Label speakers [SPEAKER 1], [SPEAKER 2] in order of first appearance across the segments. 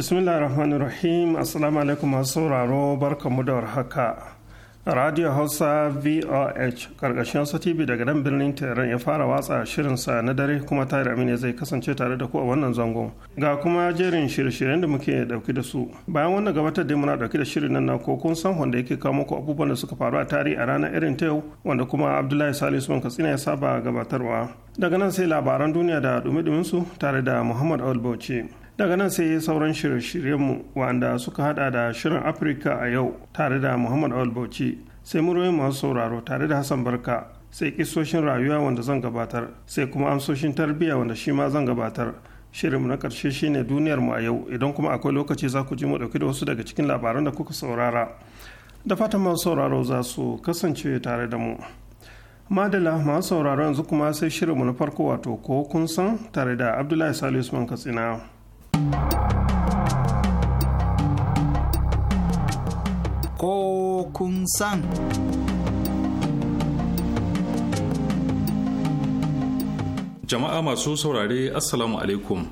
[SPEAKER 1] bismillah rahman rahim assalamu alaikum masu sauraro barkamu da warhaka radio hausa voh karkashin wasu tv daga nan birnin tehran ya fara watsa shirinsa na dare kuma tare amina zai kasance tare da ku a wannan zangon ga kuma jerin shirye-shiryen da muke dauki da su bayan wannan gabatar da muna dauki da shirin nan na ko kun san wanda yake kawo muku abubuwan da suka faru a tarihi a ranar irin ta yau wanda kuma abdullahi salisu man katsina ya saba gabatarwa daga nan sai labaran duniya da dumi-duminsu tare da muhammad al bauchi daga nan sai sauran shirye-shiryenmu wanda suka hada da shirin afirka a yau tare da muhammad awal bauchi sai muryoyin masu sauraro tare da hassan barka sai kisoshin rayuwa wanda zan gabatar sai kuma amsoshin tarbiyya wanda shi ma zan gabatar shirinmu na karshe shine duniyar mu a yau idan kuma akwai lokaci za ku ji mu dauki da wasu daga cikin labaran da kuka saurara da fatan masu sauraro za su kasance tare da mu madala masu sauraro yanzu kuma sai shirinmu na farko wato ko kun san tare da abdullahi salisu man katsina
[SPEAKER 2] Ko
[SPEAKER 3] kun san.
[SPEAKER 4] Jama'a masu saurare Assalamu alaikum.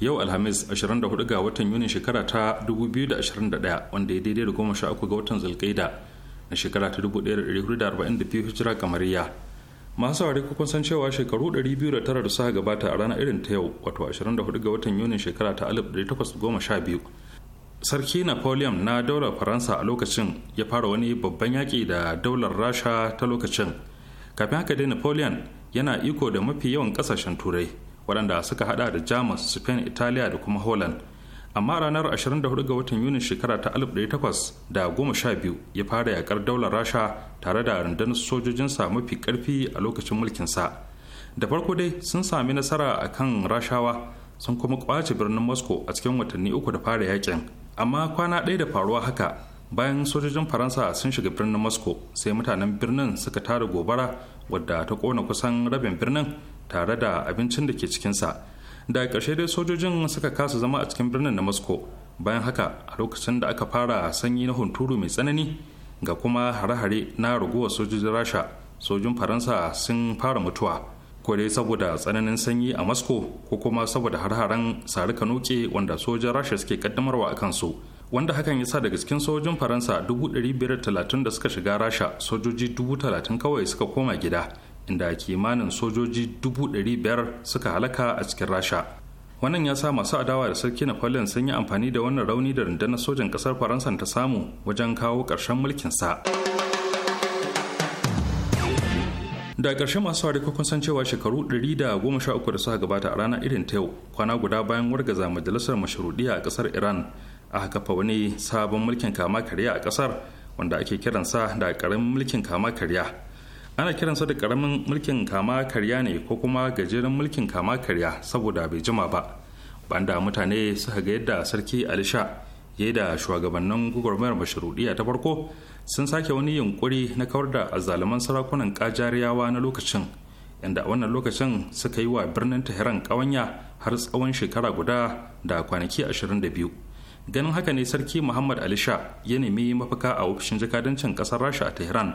[SPEAKER 4] Yau Alhamis 24 ga watan Yuni shekara ta 2021 wanda ya daidai da goma sha uku ga watan Zulkaida na shekara ta 1442 Hijira kamariya. masu saurari kun san cewa shekaru 209 da suka gabata a ranar irin ta yau wato 24 ga watan yunin shekara ta 1812 sarki napoleon na daular faransa a lokacin ya fara wani babban yaƙi da daular rasha ta lokacin kafin haka dai napoleon yana iko da mafi yawan ƙasashen turai waɗanda suka hada da jamus spain italiya da kuma holland amma ranar 24 ga watan yunin shekara ta 1812 ya fara yakar daular rasha tare da rundunar sojojinsa mafi karfi a lokacin mulkinsa da farko dai sun sami nasara a kan rashawa sun kuma kwace birnin moscow a cikin watanni uku da fara yakin amma kwana ɗaya da faruwa haka bayan sojojin faransa sun shiga birnin moscow sai mutanen birnin suka tara gobara wadda ta kona kusan rabin birnin tare da abincin da ke cikinsa da ƙarshe dai sojojin suka kasa zama a cikin birnin na moscow bayan haka a lokacin da aka fara sanyi na hunturu mai tsanani ga kuma hare-hare na raguwar sojojin rasha sojin faransa sun fara mutuwa ko dai saboda tsananin sanyi a moscow ko kuma saboda har-haren sarika nuke wanda sojin rasha suke kaddamarwa a kansu wanda hakan ya sa daga cikin sojojin faransa 530 da suka shiga rasha sojoji 30 kawai suka koma gida inda kimanin sojoji dubu biyar suka halaka a cikin rasha wannan ya sa masu adawa da sarki napoleon sun yi amfani da wannan rauni da rundunar sojan kasar faransa ta samu wajen kawo ƙarshen mulkinsa da ƙarshe masu sauri kun san cewa shekaru 113 da suka gabata a rana irin ta yau kwana guda bayan wargaza majalisar mashruɗiya a ƙasar iran a kafa wani sabon mulkin kama karya a ƙasar wanda ake kiransa da ƙaramin mulkin kama karya ana kiransa da karamin mulkin kama karya ne ko kuma gajeren mulkin kama karya saboda bai jima ba banda mutane suka ga yadda sarki alisha ya da shugabannin gwagwarmayar mashruɗiya ta farko sun sake wani yunkuri na kawar da azzaluman sarakunan kajariyawa na lokacin inda wannan lokacin suka yi wa birnin tehran kawanya har tsawon shekara guda da kwanaki ashirin da biyu ganin haka ne sarki muhammad alisha ya nemi mafaka a ofishin jakadancin kasar rasha a tehran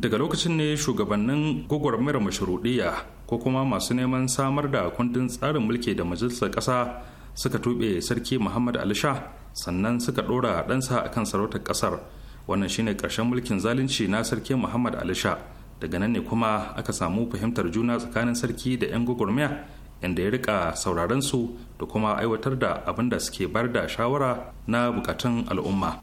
[SPEAKER 4] daga lokacin ne shugabannin gwagwarmayar mashuruɗiya ko kuma masu neman samar da kundin tsarin mulki da majalisar ƙasa suka tuɓe sarki muhammad alisha sannan suka ɗora ɗansa a kan sarautar ƙasar wannan shine ƙarshen mulkin zalunci na sarki muhammad alisha daga nan ne kuma aka samu fahimtar juna tsakanin sarki da 'yan gwagwarmaya inda ya rika sauraron su da kuma aiwatar da abin da suke bar da shawara na bukatun al'umma.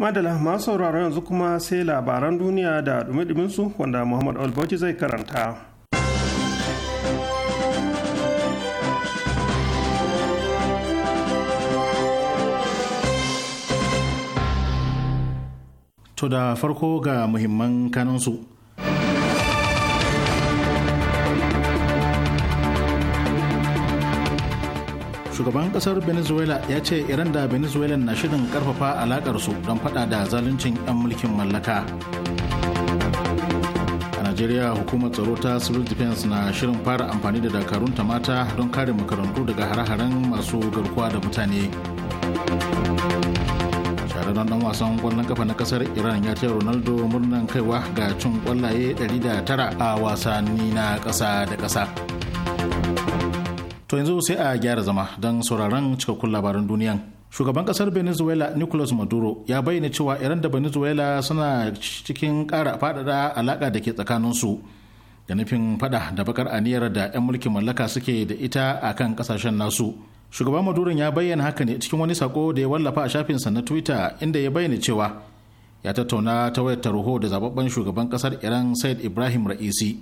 [SPEAKER 1] madala masu sauraro yanzu kuma sai labaran duniya da dumi su wanda muhammad albauchi zai karanta
[SPEAKER 5] to da farko ga muhimman kanansu shugaban kasar venezuela ya ce iran da venezuela na shirin karfafa alakarsu don fada da zaluncin 'yan mulkin mallaka a najeriya hukumar tsaro ta civil defense na shirin fara amfani da dakarun ta mata don kare makarantu daga hare-haren masu garkuwa da mutane shahararren dan wasan kwallon kafa na kasar iran ya ce ronaldo murnan kaiwa ga cin kwallaye 109 a wasanni na kasa da kasa To yanzu sai a gyara zama don sauraron cikakkun labaran duniyan. Shugaban kasar Venezuela Nicolas Maduro ya bayyana cewa Iran da Venezuela suna cikin kara faɗaɗa alaƙa da ke tsakaninsu da nufin faɗa da bakar aniyar da 'yan mulkin mallaka suke da ita a kan ƙasashen nasu. Shugaban Maduro ya bayyana haka ne cikin wani sako da ya wallafa a shafinsa na Twitter inda ya bayyana cewa ya tattauna ta wayar tarho da zababben shugaban kasar Iran Said Ibrahim Ra'isi.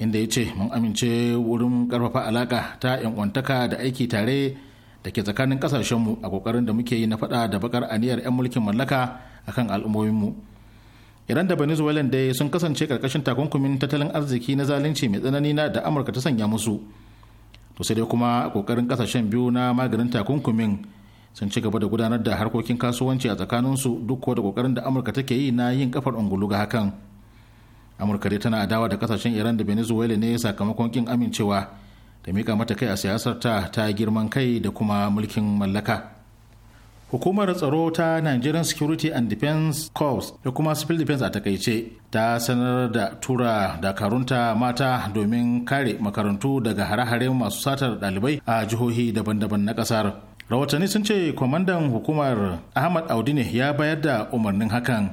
[SPEAKER 5] inda ya ce mun amince wurin karfafa alaka ta yankwantaka da aiki tare da ke tsakanin kasashenmu a kokarin da muke yi na fada da bakar aniyar 'yan mulkin mallaka akan al'ummominmu iran da venezuelan dai sun kasance karkashin takunkumin tattalin arziki na zalunci mai tsanani na da amurka ta sanya musu to sai dai kuma a kokarin kasashen biyu na maganin takunkumin sun ci gaba da gudanar da harkokin kasuwanci a tsakaninsu duk da kokarin da amurka take yi na yin kafar ungulu ga hakan amurka dai tana adawa da kasashen iran da venezuela ne sakamakon kin amincewa da mika mata kai a siyasar ta ta girman kai da kuma mulkin mallaka hukumar tsaro ta nigerian security and defense corps da kuma civil defense a takaice ta sanar da tura dakarunta mata domin kare makarantu daga hare-hare masu satar dalibai a jihohi daban-daban na kasar rahotanni sun ce kwamandan hukumar ahmad audine ya bayar da umarnin hakan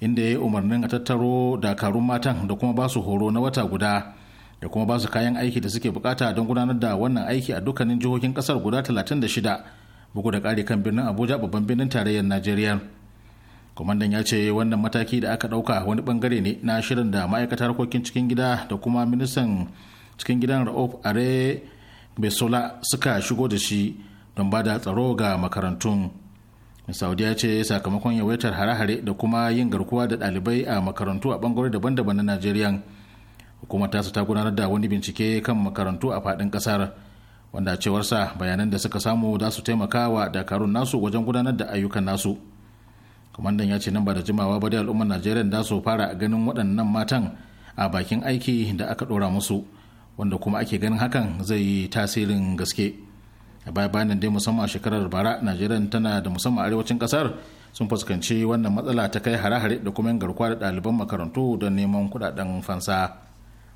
[SPEAKER 5] inda ya yi umarnin a tattaro dakarun matan da kuma ba su horo na wata guda da kuma ba su kayan aiki da suke bukata don gudanar da wannan aiki a dukkanin jihohin kasar guda 36 bugu da kare kan birnin abuja babban birnin tarayyar najeriya kwamandan ya ce wannan mataki da aka dauka wani bangare ne na shirin da ma'aikata harkokin cikin gida da kuma ministan cikin gidan ra'uf are besola suka shigo da shi don ba da tsaro ga makarantun saudiya ce sakamakon yawaitar hare-hare da kuma yin garkuwa da dalibai a makarantu a bangare daban-daban na nigeria hukumar tasu ta gudanar da wani bincike kan makarantu a fadin kasar wanda cewarsa bayanan da suka samu za su taimaka wa dakarun nasu wajen gudanar da ayyukan nasu kwamandan ya ce nan ba da jimawa ba da al'ummar najeriya da su fara ganin waɗannan matan a bakin aiki da aka ɗora musu wanda kuma ake ganin hakan zai yi tasirin gaske. a baya bayan dai musamman a shekarar bara najeriya tana da musamman arewacin kasar sun fuskanci wannan matsala ta kai hare-hare da kuma garkuwa da ɗaliban makarantu don neman kuɗaɗen fansa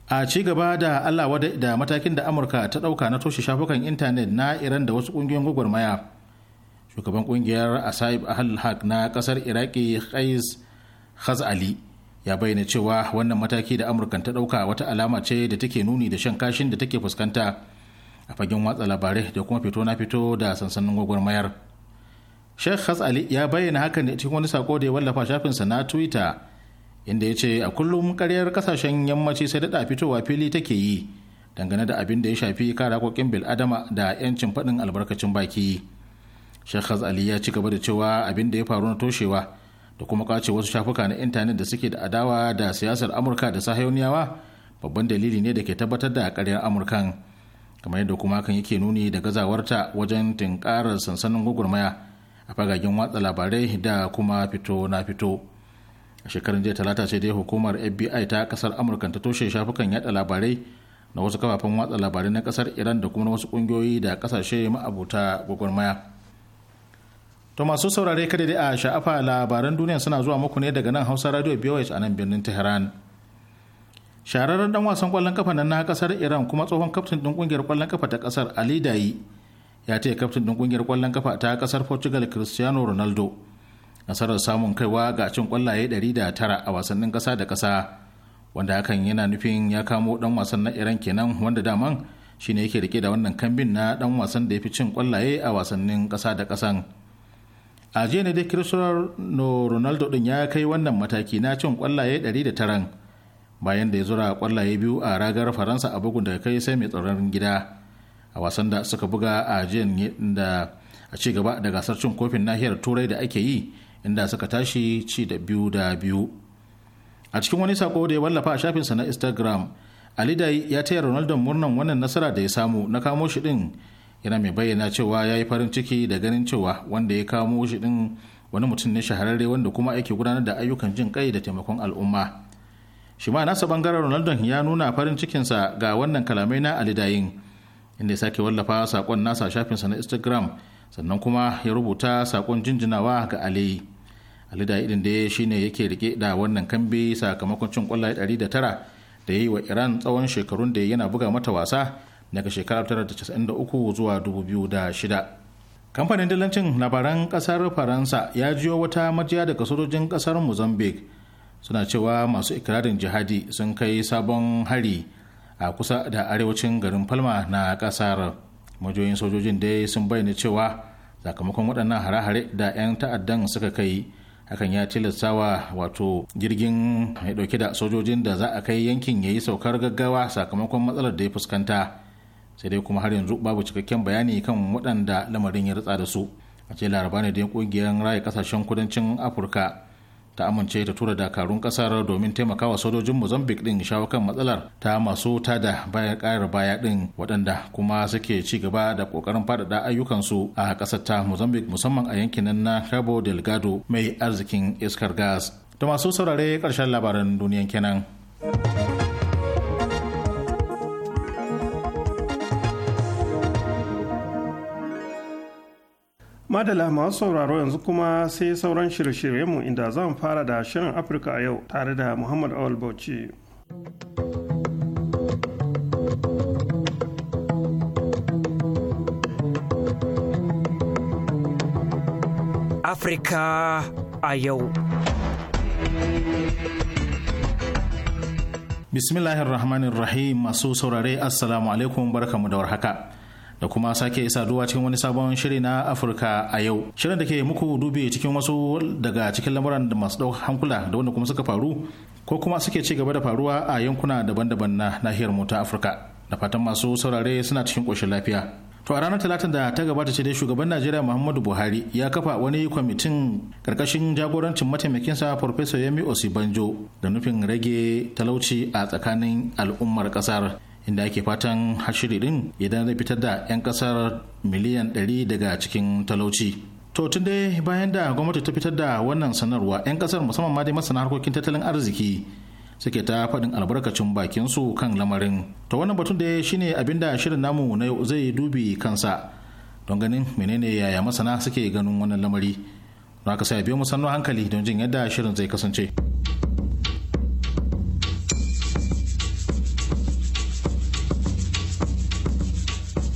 [SPEAKER 5] a ci gaba da allah wada da matakin da amurka ta ɗauka na toshe shafukan intanet na iran da wasu ƙungiyoyin gwagwarmaya shugaban ƙungiyar asaib ahal haq na ƙasar iraki qais khaz ali ya bayyana cewa wannan mataki da amurka ta ɗauka wata alama ce da take nuni da shan kashin da take fuskanta a fagen watsa labarai da kuma fito na fito da sansanin gwagwarmayar sheikh has ali ya bayyana hakan ne cikin wani sako da ya wallafa shafinsa na twitter inda ya ce a kullum karyar kasashen yammaci sai daɗa fitowa fili take yi dangane da abin da ya shafi kare haƙoƙin adama da 'yancin faɗin albarkacin baki sheikh ali ya ci gaba da cewa abin da ya faru na toshewa da kuma kwace wasu shafuka na intanet da suke da adawa da siyasar amurka da sahayoniyawa babban dalili ne da ke tabbatar da karyar amurkan kamar yadda kuma kan yake nuni da gazawarta wajen tinkarar sansanin gwagwarmaya a fagagen watsa labarai da kuma fito na fito a shekarun jiya talata ce dai hukumar fbi ta kasar amurka ta toshe shafukan yada labarai na wasu kafafen watsa labarai na kasar iran da kuma wasu kungiyoyi da kasashe ma'abuta gwagwarmaya to masu saurare kada dai a sha'afa labaran duniya suna zuwa muku ne daga nan hausa radio bos a nan birnin tehran shahararren dan wasan kwallon kafa na kasar iran kuma tsohon kaftin din kungiyar kwallon kafa ta kasar ali dayi ya ce kaftin ɗin kungiyar kwallon kafa ta kasar portugal cristiano ronaldo nasarar samun kaiwa ga cin kwallaye 109 a wasannin kasa da kasa wanda hakan yana nufin ya kamo dan wasan na iran kenan wanda daman shine yake rike da wannan kambin na dan wasan da ya fi cin kwallaye a wasannin kasa da kasan a jiya ne dai cristiano ronaldo din ya kai wannan mataki na cin kwallaye 109 bayan da ya zura kwallaye biyu a ragar faransa a bugun daga kai sai mai tsaron gida a wasan da suka buga a jiyan da a ci gaba da gasar cin kofin nahiyar turai da ake yi inda suka tashi ci da biyu da biyu a cikin wani sako da ya wallafa a shafinsa na instagram alidai ya taya ronaldo murnan wannan nasara da ya samu na kamo shi din yana mai bayyana cewa ya yi farin ciki da ganin cewa wanda ya kamo shi din wani mutum ne shahararre wanda kuma ake gudanar da ayyukan jin kai da taimakon al'umma shi ma nasa bangaren ronaldo ya nuna farin cikinsa ga wannan kalamai na alidayin inda ya sake wallafa sakon nasa shafinsa na instagram sannan kuma ya rubuta sakon jinjinawa ga ali alidayi din da ne yake rike da wannan kambi sakamakon cin kwallaye 109 da ya yi wa iran tsawon shekarun da yana buga mata wasa daga shekarar 1993 zuwa 2006 kamfanin dalancin labaran kasar faransa ya jiyo wata majiya daga sojojin kasar mozambique suna cewa masu ikirarin jihadi sun kai sabon hari a kusa da arewacin garin falma na kasar majoyin sojojin dai sun bayyana cewa sakamakon waɗannan hare-hare da 'yan ta'addan suka kai hakan ya tilastawa wato jirgin mai ɗauke da sojojin da za a kai yankin ya yi saukar gaggawa sakamakon matsalar da ya fuskanta sai dai kuma har yanzu babu cikakken bayani kan waɗanda lamarin ya ritsa da su a ce laraba ne da ƙungiyar raya ƙasashen kudancin afirka ta amince ta tura dakarun kasar domin taimakawa sojojin mozambique din shawo kan matsalar ta masu tada bayan kayar baya din waɗanda kuma suke ci gaba da ƙoƙarin faɗaɗa ayyukansu a ƙasar ta mozambique musamman a yankin na cabo delgado mai arzikin iskar gas ta masu saurare ƙarshen labaran duniyan kenan.
[SPEAKER 1] Madala masu sauraro yanzu kuma sai sauran shirye-shiryenmu inda zan fara da shirin Afirka a yau tare da Muhammad Awal Bauchi.
[SPEAKER 5] Afirka a yau. Bismillahirrahmanirrahim masu saurare Assalamu alaikum barkamu da warhaka. da kuma sake saduwa cikin wani sabon shiri na Afirka a yau. Shirin da ke muku dubi cikin wasu daga cikin lamuran da masu ɗaukar hankula da wanda kuma suka faru ko kuma suke ci gaba da faruwa a yankuna daban-daban na nahiyar mota ta Afirka. Da fatan masu saurare suna cikin ƙoshin lafiya. To a ranar Talatin da ta gabata ce dai shugaban Najeriya Muhammadu Buhari ya kafa wani kwamitin karkashin jagorancin mataimakinsa Farfesa Yemi Osibanjo da nufin rage talauci a tsakanin al'ummar ƙasar. inda ake fatan hashiri din idan zai fitar da 'yan kasar miliyan 100 daga cikin talauci to tun dai bayan da gwamnati ta fitar da wannan sanarwa 'yan kasar musamman ma dai masana harkokin tattalin arziki suke ta faɗin albarkacin bakin su kan lamarin to wannan batun da shine abinda shirin namu na yau zai dubi kansa don ganin menene yaya masana suke ganin wannan lamari don haka sai biyo mu sannu hankali don jin yadda shirin zai kasance.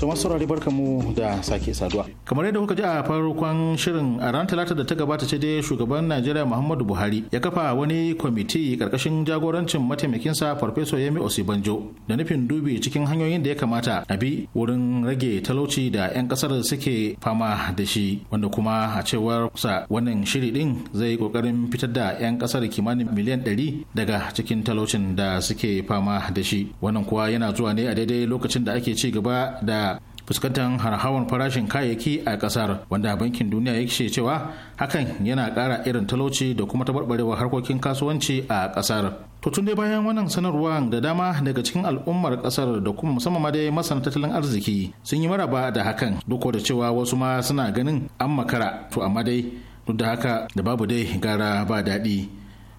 [SPEAKER 5] To masu mu da sake saduwa. Kamar yadda kuka ji a farkon shirin a ran talata da ta gabata ce dai shugaban Najeriya Muhammadu Buhari ya kafa wani kwamiti karkashin jagorancin mataimakinsa Farfesa Yemi Osibanjo da nufin dubi cikin hanyoyin da ya kamata a bi wurin rage talauci da 'yan kasar suke fama da shi wanda kuma a cewar sa wannan shiri din zai kokarin fitar da 'yan kasar kimanin miliyan 100 daga cikin talaucin da suke fama da shi wannan kuwa yana zuwa ne a daidai lokacin da ake ci gaba da fuskantar harhawan farashin kayayyaki a kasar wanda bankin duniya ya ce cewa hakan yana ƙara irin talauci da kuma tabarbarewar harkokin kasuwanci a kasar to tun dai bayan wannan sanarwa da dama daga cikin al'ummar kasar da kuma musamman ma dai masana tattalin arziki sun yi maraba da hakan duk da cewa wasu ma suna ganin an makara to amma dai duk da haka da babu dai gara ba daɗi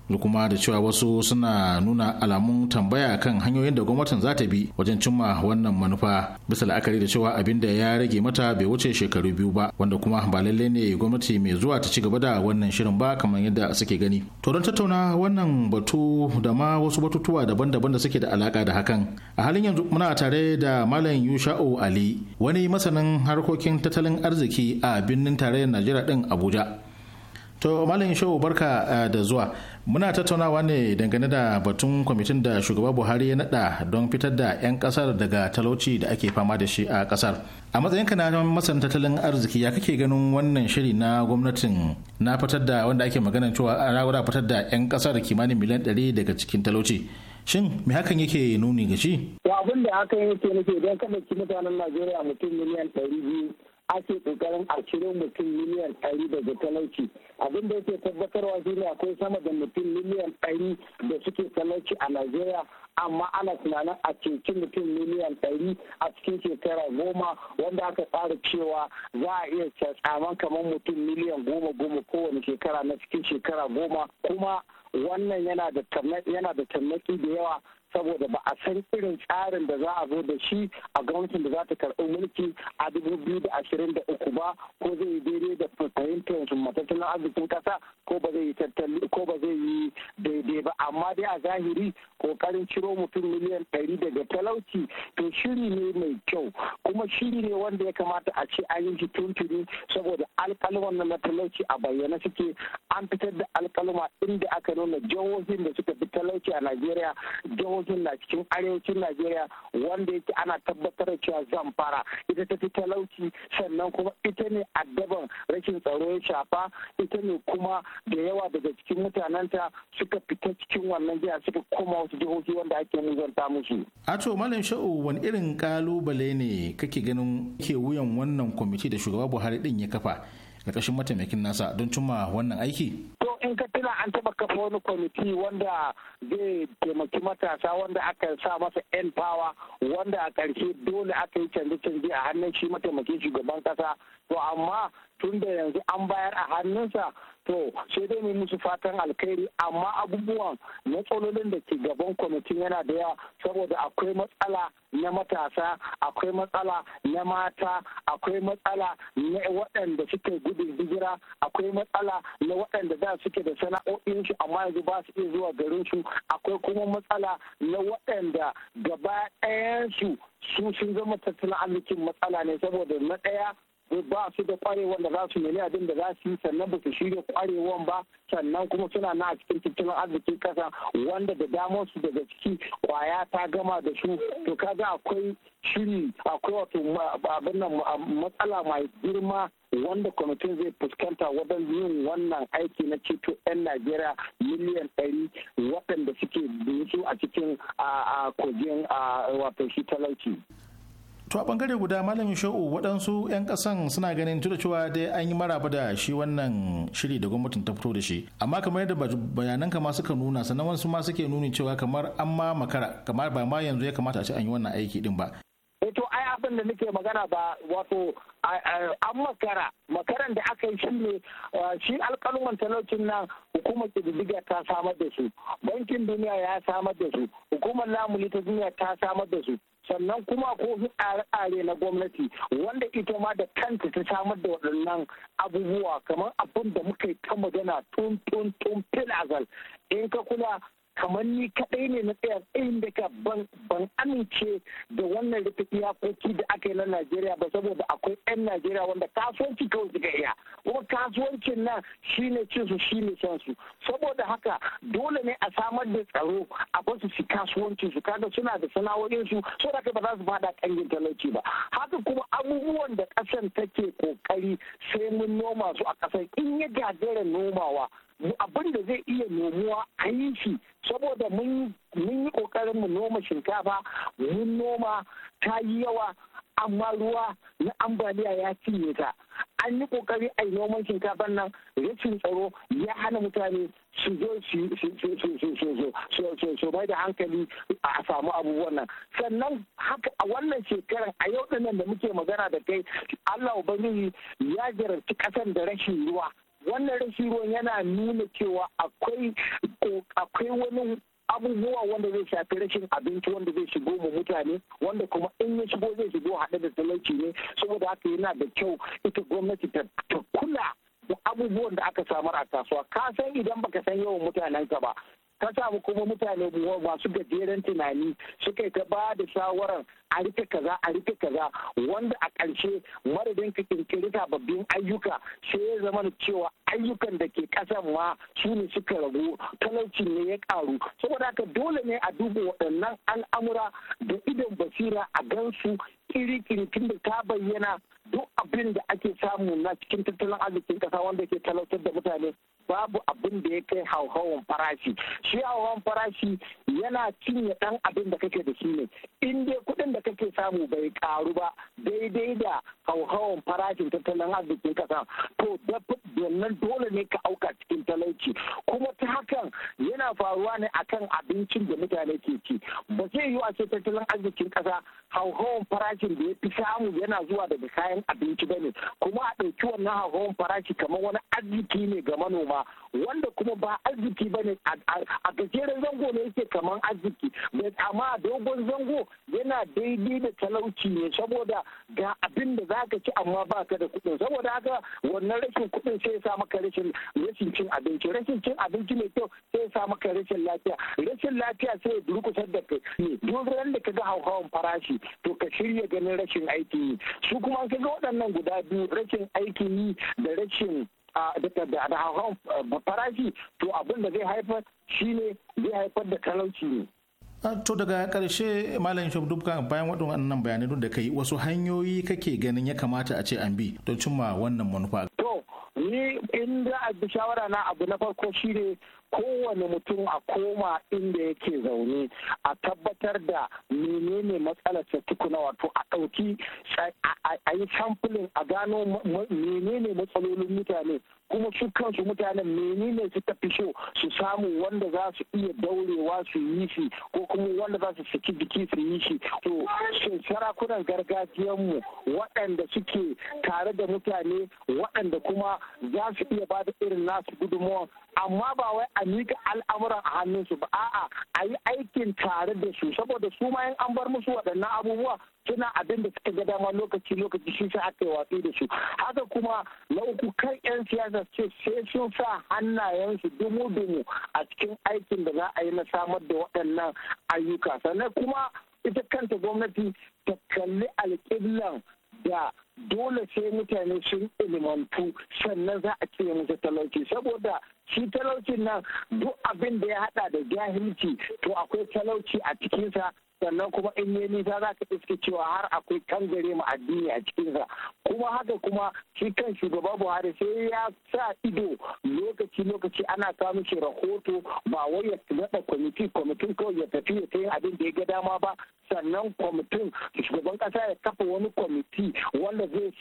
[SPEAKER 5] da kuma da cewa wasu suna nuna alamun tambaya kan hanyoyin da gwamnatin za ta bi wajen cimma wannan manufa bisa la'akari da cewa abin da ya rage mata bai wuce shekaru biyu ba wanda kuma ba lallai ne gwamnati mai zuwa ta ci gaba da wannan shirin ba kamar yadda suke gani to don tattauna wannan batu da ma wasu batutuwa daban-daban da suke da alaka da hakan a halin yanzu muna tare da malam yusha'u ali wani masanin harkokin tattalin arziki a birnin tarayyar najeriya din abuja to malam shehu barka eh, da zuwa muna tattaunawa ne dangane da batun kwamitin da shugaba buhari ya nada don fitar da 'yan kasar daga talauci da ake fama da shi a kasar a matsayinka na masan tattalin arziki ya kake ganin wannan shiri na gwamnatin na fitar da wanda ake maganan cewa an fitar da 'yan kasar kimanin miliyan 100 daga cikin talauci shin me hakan yake nuni ga shi
[SPEAKER 6] abin da hakan yake nake idan ka ki mutanen najeriya mutum miliyan ɗari biyu ake kokarin a ciro mutum miliyan ɗari daga talauci abin da yake tabbatarwa ne akwai sama da mutum miliyan ɗari da suke talauci a najeriya amma ana tunanin a ceci mutum miliyan ɗari a cikin shekara goma wanda aka tsara cewa za a iya tsaman kamar mutum miliyan goma goma kowane shekara na cikin shekara goma kuma wannan yana da tarnaki da yawa saboda ba a san irin tsarin da za a zo da shi a gwamnatin da za ta karɓi mulki a dubu biyu da ashirin da uku ba ko zai yi daidai da fahimtar su matattalin arzikin ƙasa ko ba zai yi tattali ko ba zai yi daidai ba amma dai a zahiri kokarin ciro mutum miliyan ɗari daga talauci to shiri ne mai kyau kuma shiri ne wanda ya kamata a ce an yi shi tuntuni saboda alkalman na talauci a bayyana suke an fitar da alkalma inda aka nuna jihohin da suka fi talauci a najeriya jihohin yankin na cikin arewacin najeriya wanda yake ana tabbatar da cewa zamfara ita ta fi talauci sannan kuma ita ne addaban rashin tsaro ya shafa ita ne kuma da yawa daga cikin mutanenta suka fita cikin wannan jiha suka koma wasu jihohi wanda ake nuzanta musu.
[SPEAKER 5] a to malam sha'u wani irin kalubale ne kake ganin ke wuyan wannan kwamiti da shugaba buhari din ya kafa ƙarƙashin mataimakin nasa don cimma wannan aiki.
[SPEAKER 6] to tuna an taɓa kafa wani kwamiti wanda zai taimaki matasa wanda aka sa masa yan power wanda a ƙarshe dole aka yi canje-canje a hannun shi mataimakin shugaban ƙasa to amma tunda yanzu an bayar a hannunsa to sai dai mai musu fatan alkhairi amma abubuwan matsalolin da ke gaban kwamitin yana da yawa saboda akwai matsala na matasa akwai matsala na mata akwai matsala na waɗanda suke gudun hijira akwai matsala na waɗanda da suke da sana'o'in su amma yanzu ba su iya zuwa garin su akwai kuma matsala na waɗanda gaba ɗayansu su sun zama tattalin arzikin matsala ne saboda na ɗaya ba su da kwarewar da za su nemi abin da za su yi sannan ba su shirya kwarewan ba sannan kuma suna na a cikin tattalin arzikin kasa wanda da damar su daga ciki kwaya ta gama da su to kaga akwai shiri akwai wato abin nan matsala mai girma wanda kwamitin zai fuskanta wajen yin wannan aiki na ceto 'yan najeriya miliyan ɗari waɗanda suke su a cikin kogin wato shi talauci.
[SPEAKER 5] to a bangare guda malamin sha'u waɗansu 'yan ƙasan suna ganin tuda cewa dai an yi maraba da shi wannan shiri da gwamnatin ta fito da shi amma kamar yadda bayanan kama suka nuna sannan wasu ma suke nuni cewa kamar an ma makara kamar ba ma yanzu ya kamata a ce an yi wannan aiki din ba
[SPEAKER 6] eh to ai abin da nake magana ba wato an makara makaran da aka yi shine eh, shi alƙaluman talaucin nan hukumar ƙididdiga ta samar da su bankin duniya ya samar da su hukumar lamuni ta duniya ta samar da su sannan kuma ko tsare-tsare na gwamnati wanda ita ma da kanta ta samar da waɗannan abubuwa kamar abin da muka yi ta magana tun tun tun fil in ka kula kamar ni kaɗai ne na tsaya tsayin ka ban amince da wannan rufe iyakoki da aka yi na Najeriya ba saboda akwai 'yan Najeriya wanda kasuwanci kawai suka iya kuma kasuwancin nan shine cin su shine san su saboda haka dole ne a samar da tsaro a basu su kasuwancin su kaga suna da sana'o'in su so da ba za su fada kangin talauci ba haka kuma abubuwan da ƙasan take kokari sai mun noma su a ƙasar in ya gagara nomawa abin da zai iya nomuwa a yi shi saboda mun yi kokarin mu noma shinkafa mun noma ta yi yawa amma ruwa na ambaliya ya cinye ta an yi kokari a yi noman shinkafan nan rashin tsaro ya hana mutane su zo su mai da hankali a samu abubuwan nan sannan haka a wannan shekarar a yau dinnan da muke magana da kai allah ubangiji ya jarabci kasan da rashin ruwa wannan rashin ruwan yana nuna cewa akwai wani abubuwa wanda zai shafi rashin abinci wanda zai shigo mu mutane wanda kuma in ya shigo zai shigo haɗe da talauci ne saboda haka yana da kyau ita gwamnati ta kula abubuwan da aka samar a kasuwa ka san idan baka san yawan mutanenka ba ta samu kuma mutane masu gajeren tunani suka yi ta ba da shawarar a rike kaza a rike kaza wanda a ƙarshe madadin ka kirkiri sababbin ayyuka sai ya zama da cewa ayyukan da ke ƙasan ma su ne suka ragu talauci ne ya ƙaru saboda haka dole ne a duba waɗannan al'amura da idon basira a gansu kiri-kiri da ta bayyana duk abin da ake samu na cikin tattalin arzikin kasa wanda ke talautar da mutane babu abin da ya kai hauhawan farashi shi hauhawan farashi yana cinye dan abin da kake da shi ne in dai kuɗin da kake samu bai karu ba daidai da hauhawan farashin tattalin arzikin kasa to nan dole ne ka auka cikin talauci kuma ta hakan yana faruwa ne akan abincin da mutane ke ci ba zai yi a tattalin arzikin kasa hauhawan farashin da ya fi samu yana zuwa daga kayan abinci bane kuma a ɗauki wannan hauhawan farashi kamar wani arziki ne ga manoma wanda kuma ba arziki ba ne a gajeren zango ne yake kamar arziki mai amma dogon zango yana daidai da talauci ne saboda ga abin da za ka ci amma ba ka da kuɗi saboda haka wannan rashin kudin sai ya sa maka rashin rashin cin abinci rashin cin abinci mai kyau sai ya sa maka rashin lafiya rashin lafiya sai ya durkusar da kai duk da ka ga hauhawan farashi to ka shirya ganin rashin aiki yi su kuma ka ga waɗannan guda biyu rashin aikin yi da rashin da hauhawar eh, farashi to abin da zai haifar shi ne zai haifar da talauci ne
[SPEAKER 5] ah, to daga karshe malam shaf dubka bayan waɗannan bayanai da kai wasu hanyoyi kake ganin ya kamata a ce an bi don cimma wannan manufa
[SPEAKER 6] to ni in za a bi shawara na abu na farko shi shine kowane mutum a koma inda yake zaune a tabbatar da menene matsalar ta tukuna wato a ɗauki a yi samfulin a gano menene matsalolin mutane kuma su kansu mutanen menene su tafi so su samu wanda za su iya daurewa su yi shi ko kuma wanda za su saki jiki su yi shi to shin sarakunan mu waɗanda suke tare da mutane waɗanda kuma za su iya ba da irin nasu gudunmawa amma ba wai a miƙa al'amuran a hannunsu ba a'a a yi aikin tare da su saboda su ma in an bar musu waɗannan abubuwa suna abin da suka ga dama lokaci lokaci shi sa aka yi watsi da su haka kuma na uku kan yan siyasa ce sai sun sa hannayensu dumu dumu a cikin aikin da za a yi na samar da waɗannan ayyuka sannan kuma ita kanta gwamnati ta kalli alƙiblan da dole sai mutane sun ilimantu sannan za a cire musu talauci saboda shi talaucin nan duk abin da ya hada da jahilci to akwai talauci a cikinsa sannan kuma in yi nisa za ka iske cewa har akwai kangare mu addini a cikinsa kuma haka kuma shi kan shugaba buhari sai ya sa ido lokaci lokaci ana samun shi rahoto ba wai ya naɗa kwamiti kwamitin kawai ya tafi ya yin abin da ya ga dama ba sannan kwamitin shugaban kasa ya kafa wani kwamiti wanda zai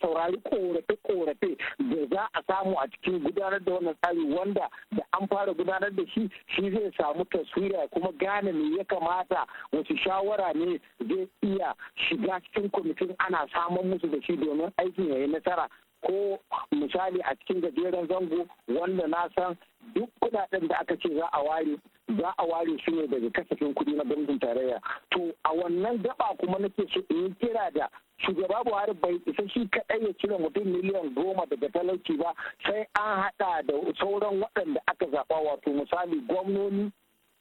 [SPEAKER 6] saurari korafe-korafe da za a samu a cikin gudanar da wannan tsari wanda da an fara gudanar da shi shi zai samu taswira kuma gane me ya kamata Wasu shawara ne zai iya shiga cikin kwamitin ana samun musu da shi domin aikin ya yi nasara ko misali a cikin gajeren zango wanda na san duk kudaden da aka ce za a ware za a ware su ne daga kasafin kuɗi na gwamnatin tarayya to a wannan gaba kuma nake so in kira da shugaba buhari bai isa shi kadai ya cire mutum miliyan goma daga talauci ba sai an haɗa da sauran waɗanda aka zaɓa wato misali gwamnoni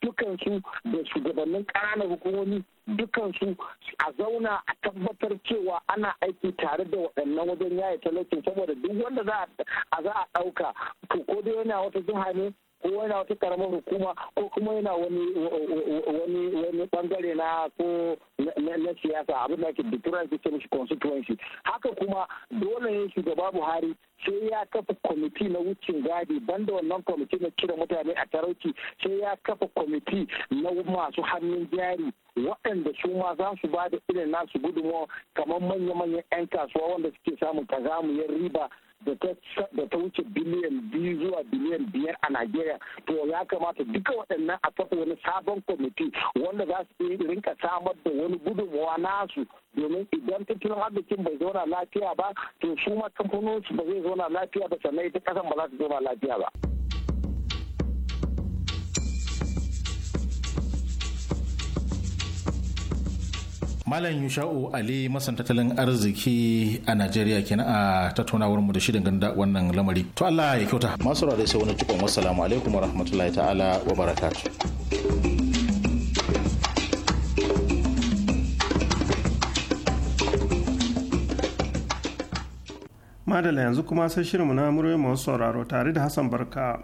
[SPEAKER 6] dukansu da shugabannin ƙananan hukumomi dukansu a zauna a tabbatar cewa ana aiki tare da waɗannan wajen yaya talaucin saboda duk wanda za a ɗauka to ko dai yana wata jiha ne ko yana wata karamar hukuma ko kuma yana wani wani wani bangare na ko na siyasa abin da ake da turanci ke mishi constituency haka kuma dole ne shugaba Buhari sai ya kafa kwamiti na wucin gadi banda wannan kwamiti na cire mutane a tarauci sai ya kafa kwamiti na masu hannun jari waɗanda su ma za su ba da irin nasu gudunmawa kamar manya-manyan 'yan kasuwa wanda suke samun kazamuyar riba da ta wuce biliyan biyu zuwa biliyan biyar a Najeriya to ya kamata duka waɗannan a kafa wani sabon kwamiti wanda za su rinka samar da wani gudunmawa nasu domin idan tattalin arzikin bai zauna lafiya ba to su ma su ba zai zauna lafiya ba sannan ita ƙasan ba za su zauna lafiya ba.
[SPEAKER 5] Malam Yusha'u Ali masan tattalin arziki a Najeriya kenan a tattaunawar mu da shi dangane da wannan lamari. To Allah ya kyauta. Masu da sai wani cikon wassalamu alaikum wa rahmatullahi ta'ala wa barakatuh.
[SPEAKER 1] Madala yanzu kuma sai shirinmu na muryoyin masu sauraro tare da Hassan Barka.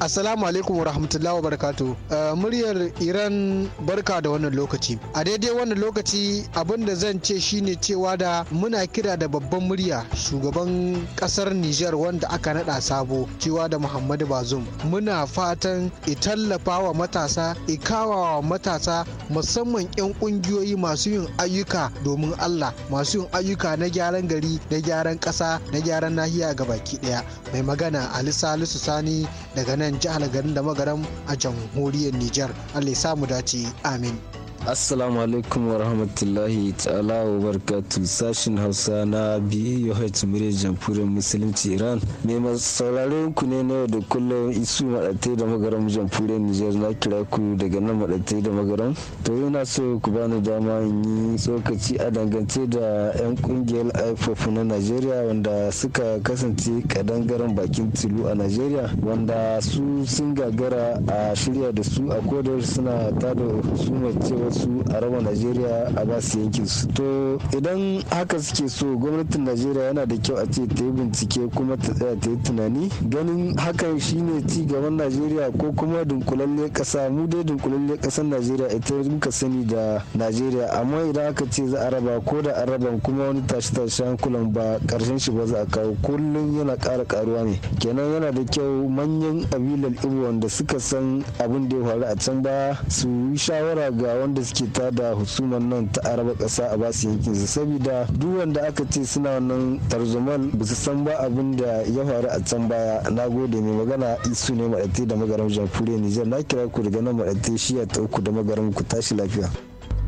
[SPEAKER 2] Assalamu alaikum warahmatullahi wabarakatu. Uh, muryar Iran barka da wannan lokaci. A daidai wannan lokaci abin da zan ce shine cewa da muna kira da babban murya shugaban kasar Nijar wanda aka nada sabo cewa da Muhammadu Bazum. Muna fatan i tallafa wa matasa, i kawa wa matasa musamman 'yan kungiyoyi masu yin ayyuka domin Allah, masu yin ayyuka na gyaran gari, na gyaran ƙasa, na gyaran nahiya ga baki ɗaya. Mai magana Ali Salisu Sani daga nan nan jihar garin da magaram a jamhuriyar Nijar. Allah ya samu dace. Amin.
[SPEAKER 3] assalamu alaikum wa rahmatullahi ta'ala wa barkatu sashin hausa na BEOH murya jamhuriyar musulunci iran mai saurare ku ne na yau da kullum isu maɗatai da magaram jamhuriyar nijar na kira ku daga nan maɗatai da magaram to yana so ku bani dama in yi tsokaci a dangance da yan ƙungiyar ipop na najeriya wanda suka kasance kadangaren bakin tulu a najeriya wanda su sun gagara a shirya da su a kodayar suna tada su mace su a raba najeriya a ba su yankin su to idan haka suke so gwamnatin najeriya yana da kyau a ce ta yi bincike kuma ta tsaya ta yi tunani ganin hakan shine ci gaban najeriya ko kuma dunkulalle kasa mu dai dunkulalle kasar najeriya ita muka sani da najeriya amma idan aka ce za a raba ko da an raba kuma wani tashi tashi hankulan ba karshen shi ba za a kawo kullum yana kara karuwa ne kenan yana da kyau manyan kabilar ibo wanda suka san abin da ya faru a can ba su yi shawara ga wanda suke da husuman nan ta araba kasa a basu yankin su saboda duk wanda aka ce suna nan tarzoman ba su san ba abin da ya faru a can baya na gode mai magana isu ne maɗate da magaram jamhuriyar nijar na kira ku daga nan maɗate shiya ta uku da magaram ku tashi lafiya.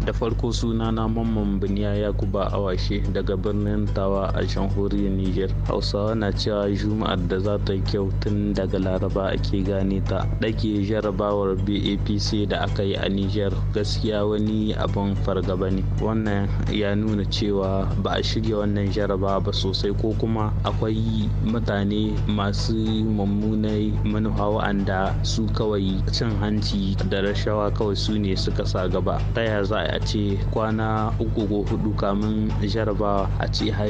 [SPEAKER 7] da farko suna na mamman biniya yakuba awashe daga birnin tawa a jamhuriyar nijar. hausawa na cewa juma'ar da za ta kyau tun daga laraba ake gane ta ɗage jarabawar bapc da aka yi a nijar gaskiya wani abin fargaba ne wannan ya nuna cewa ba a shirya wannan jaraba ba sosai ko kuma akwai mutane masu mummunai manufa wa'anda su kawai cin hanci da rashawa kawai su ne suka sa gaba ta yaya za a ce kwana uku ko hudu kamin jarabawa a ce har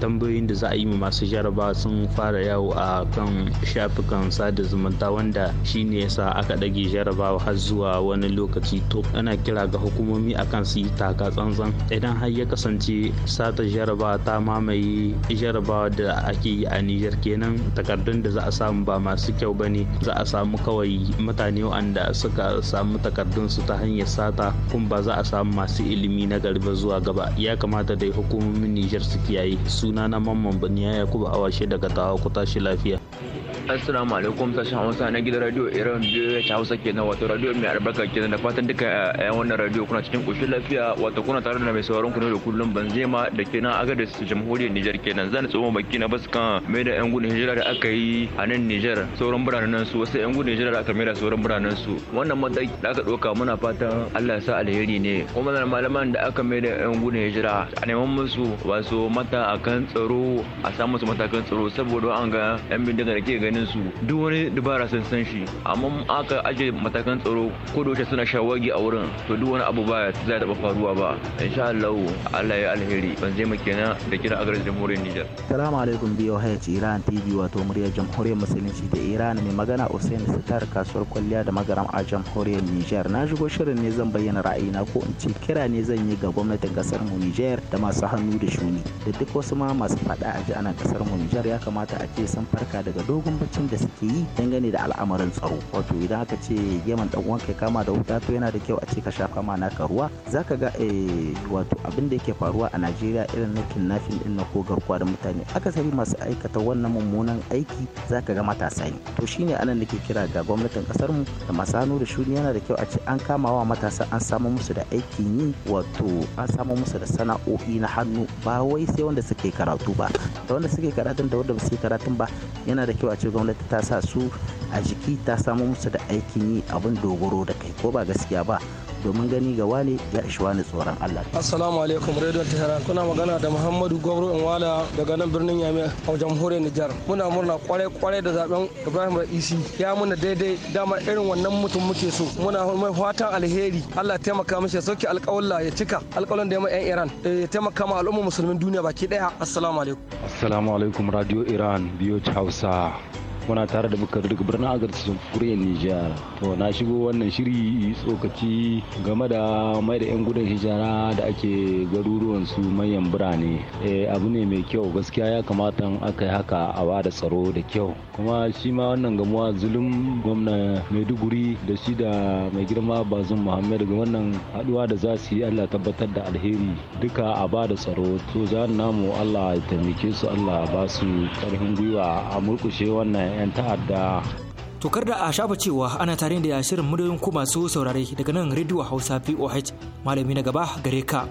[SPEAKER 7] tambayoyin da za a yi ma masu jaraba sun fara yawo a kan shafukan sada zumunta wanda shi shine yasa aka ɗage jarabawa har zuwa wani lokaci to ana kira ga hukumomi akan su yi taka tsantsan idan har ya kasance sata jaraba ta mamaye jarabawa da ake yi a Nijar kenan takardun da za a samu ba masu kyau ba ne za a samu kawai mutane waanda suka samu takardun su ta hanyar sata kuma ba za a samu masu ilimi na garba zuwa gaba ya kamata dai hukumomin Nijar su kiyaye suna na mamman baniya yakubu awashe daga tawa ku tashi lafiya.
[SPEAKER 8] Assalamu alaikum sashen Hausa na gidan radio Iran biyu ci Hausa kenan wato radio mai albarka kenan da fatan duka eh, yan wannan radio kuna cikin kushin lafiya wato kuna tare da mai sauraron ku ne da kullum Banzema da kenan Agadez Jamhuriyar Nijar kenan zan tsoma baki na basu kan mai da yan gudun hijira da aka yi a nan Nijar sauran biranen su wasu yan gudun hijira da aka mai da sauran biranen su wannan mataki da aka ɗauka muna fatan Allah ya sa alheri ne kuma da malaman da aka mai da yan gudun hijira a neman musu wasu mata akan tsaro a samu su matakan tsaro saboda an ga yan bindiga da ke gani ganin duk wani dubara sun san shi amma aka aje matakan tsaro ko da suna shawagi a wurin to duk wani abu ba zai taba faruwa ba insha Allah Allah ya alheri
[SPEAKER 7] ban zai makena da kira agar jamhuriyar Niger
[SPEAKER 9] Assalamu alaikum BOH Iran TV wato muryar jamhuriyar musulunci da Iran mai magana Hussein Sitar kasuwar kwalliya da magaram a jamhuriyar Niger na shigo shirin ne zan bayyana ra'ayina ko in ce kira ne zan yi ga gwamnatin kasar mu Niger da masu hannu da shuni da duk wasu ma masu fada a ji ana kasar mu Niger ya kamata a ce sun farka daga dogon lokacin da suke yi dangane da al'amarin tsaro wato idan aka ce yaman dan uwanka ya kama da wuta to yana da kyau a ce ka shafa ma naka ruwa zaka ga eh, wato abin da yake faruwa a Najeriya irin na kidnapping din na ko garkuwa da mutane akasari masu aikata wannan mummunan aiki zaka ga matasa ne to shine anan nake kira ga gwamnatin kasar mu da masu hannu da shuni yana da kyau a ce an kama wa matasa an samu musu da aikin yi wato an samu musu da sana'o'i na hannu ba wai sai wanda suke karatu ba da wanda suke karatun da wanda ba su karatun ba yana da kyau a ce gwamnati ta sa su a jiki ta samu musu da aikin yi abin dogaro da kai ko ba gaskiya ba domin gani ga wane ya ishi wani tsoron Allah.
[SPEAKER 1] Assalamu alaikum Radio Tehran kuna
[SPEAKER 8] magana da Muhammadu Gwabro Inwala daga nan birnin Yamai a jamhuriyar Nijar. Muna murna kwarai kwarai da zaben Ibrahim Raisi ya muna daidai dama irin wannan mutum muke so. Muna mai fatan alheri Allah taimaka mishi ya sauke alƙawalla ya cika alƙawalan da ya mai Iran eh, ya taimaka ma al'ummar musulmin duniya baki daya. Assalamu alaikum.
[SPEAKER 7] Assalamu alaikum Radio Iran biyo Hausa. muna tare da muka duk birnin agarci sun kuriyar nijar to na shigo wannan shiri tsokaci game da mai da 'yan gudun hijara da ake garuruwan su manyan birane eh, abu ne mai kyau gaskiya ya kamata aka yi haka a ba da tsaro da kyau kuma shi ma wannan gamuwa zulum gwamna maiduguri da shi da mai girma bazin muhammed ga wannan haduwa da za su yi allah tabbatar da alheri duka a ba da tsaro to za namu allah ya taimake su allah ba su karfin gwiwa a murkushe wannan
[SPEAKER 8] 'yan ta'adda tokar da a shafa cewa ana tare da shirin muryoyin ku masu saurare daga nan rediyo hausa voh malami na gaba gare ka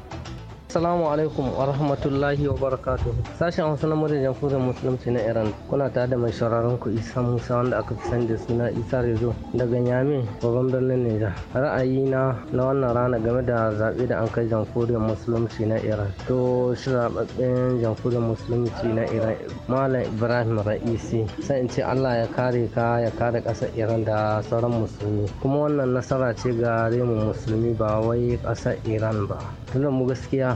[SPEAKER 3] Assalamu alaikum wa
[SPEAKER 8] rahmatullahi wa barakatuh. Sashen Hausa na Muryar Jamhuriyar Musulunci na Iran kuna tare da mai sauraron ku Isa Musa wanda aka fi sani da suna Isa Rezo daga Nyame babban birnin Nijar. Ra'ayina na wannan rana game da zaɓe da an kai Jamhuriyar Musulunci na Iran. To shi
[SPEAKER 9] zaɓaɓɓen Jamhuriyar Musulunci na Iran Malam Ibrahim Ra'isi sai in ce Allah ya kare ka ya kare ƙasar Iran da sauran musulmi. Kuma wannan nasara ce ga mu musulmi ba wai ƙasar Iran ba. Tunda mu gaskiya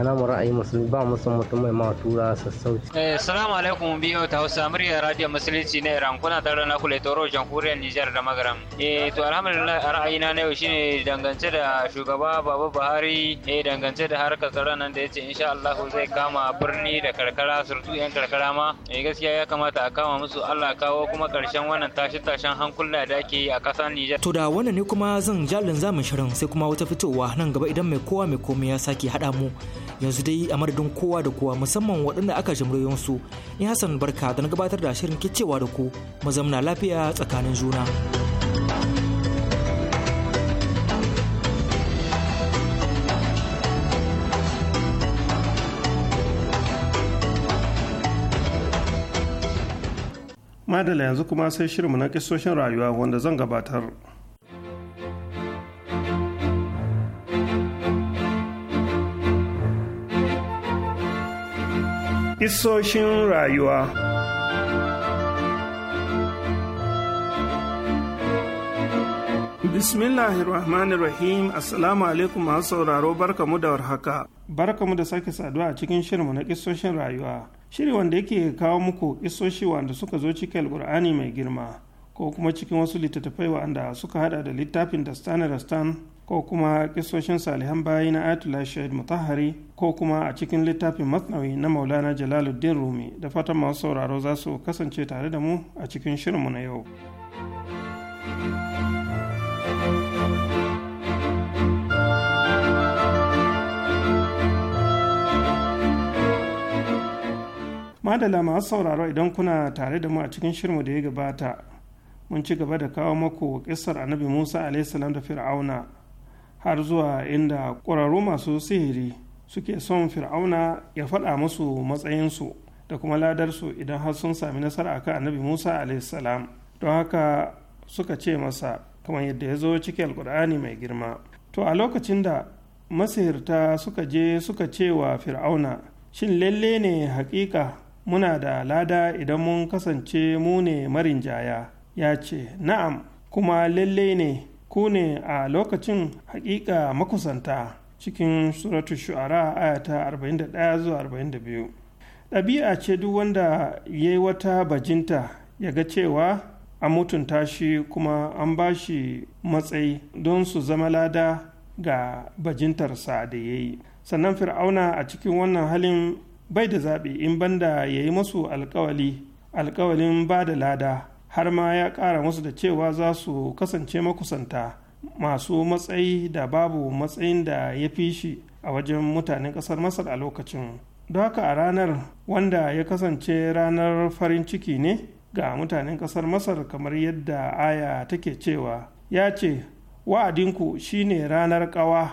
[SPEAKER 9] ana ra'ayi musulmi ba mu mutum mai ma tura sassauci
[SPEAKER 7] eh, salamu alaikum biyo ta hausa murya radiyo musulunci na iran kuna tare na kule toro jamhuriyar nijar da magaram eh to alhamdulillah ra'ayi na yau shine dangance da shugaba baba buhari eh dangance da harkar tsaron nan da yace insha Allah zai kama birni da karkara surtu yan karkara ma eh gaskiya ya kamata a kama musu Allah kawo kuma karshen wannan tashi tashen hankula da ake yi a kasar Nijar to
[SPEAKER 8] da wannan ne kuma zan jalin zamin shirin sai kuma wata fitowa nan gaba idan mai kowa mai komai ya sake hada mu yanzu dai a madadin kowa da kowa musamman waɗanda aka jimriyon su in hassan barka da na gabatar da shirin kicewa da ku mazamna lafiya tsakanin juna
[SPEAKER 1] madala yanzu kuma sai shirinmu na kisoshin rayuwa wanda zan gabatar Isoshin rayuwa Bismillahirrahmanirrahim Assalamu alaikum masu sauraro barkamu da warhaka. mu da sake saduwa a cikin shirinmu na isoshin rayuwa. Shiri wanda yake kawo muku kisoshi wanda suka zo cikin alkur'ani mai girma ko kuma cikin wasu littattafai wanda suka hada da littafin Dastan Stan ko kuma kisoshin salihan bayi na Ayatollah Shahid Mutahari ko kuma a cikin littafin Masnawi na Maulana Jalaluddin Rumi da fatan masu sauraro za su kasance tare da mu a cikin shirinmu na yau. Madala masu sauraro idan kuna tare da mu a cikin shirinmu da ya gabata mun ci gaba da kawo maku kisar annabi Musa alaihissalam da Fir'auna har zuwa inda ƙwararru masu sihiri suke son fir'auna ya faɗa musu matsayinsu da kuma ladarsu idan har sun sami nasara akan annabi musa salam don haka suka ce masa kamar yadda ya zo cikin alkur'ani mai girma to a lokacin da masihirta suka je suka ce wa fir'auna shin lalle ne haƙiƙa muna da lada idan mun kasance mu ne marinjaya ya ce na'am kuma lalle ne ku ne a lokacin hakika makusanta cikin suratul shu'ara aya ta 41 zuwa 42 ɗabi'a ce duk wanda ya yi wata bajinta ya ga cewa an mutunta shi kuma an ba shi matsayi don su zama lada ga bajintarsa da ya yi sannan fir'auna a cikin wannan halin bai da zaɓi in banda ya yi masu alkawali alkawalin ba da lada har ma ya ƙara musu da cewa za su kasance makusanta masu matsayi da babu matsayin da ya fi shi a wajen mutanen ƙasar masar a lokacin don haka a ranar wanda ya kasance ranar farin ciki ne ga mutanen ƙasar masar kamar yadda aya take cewa ya ce wa'adinku shine ranar ƙawa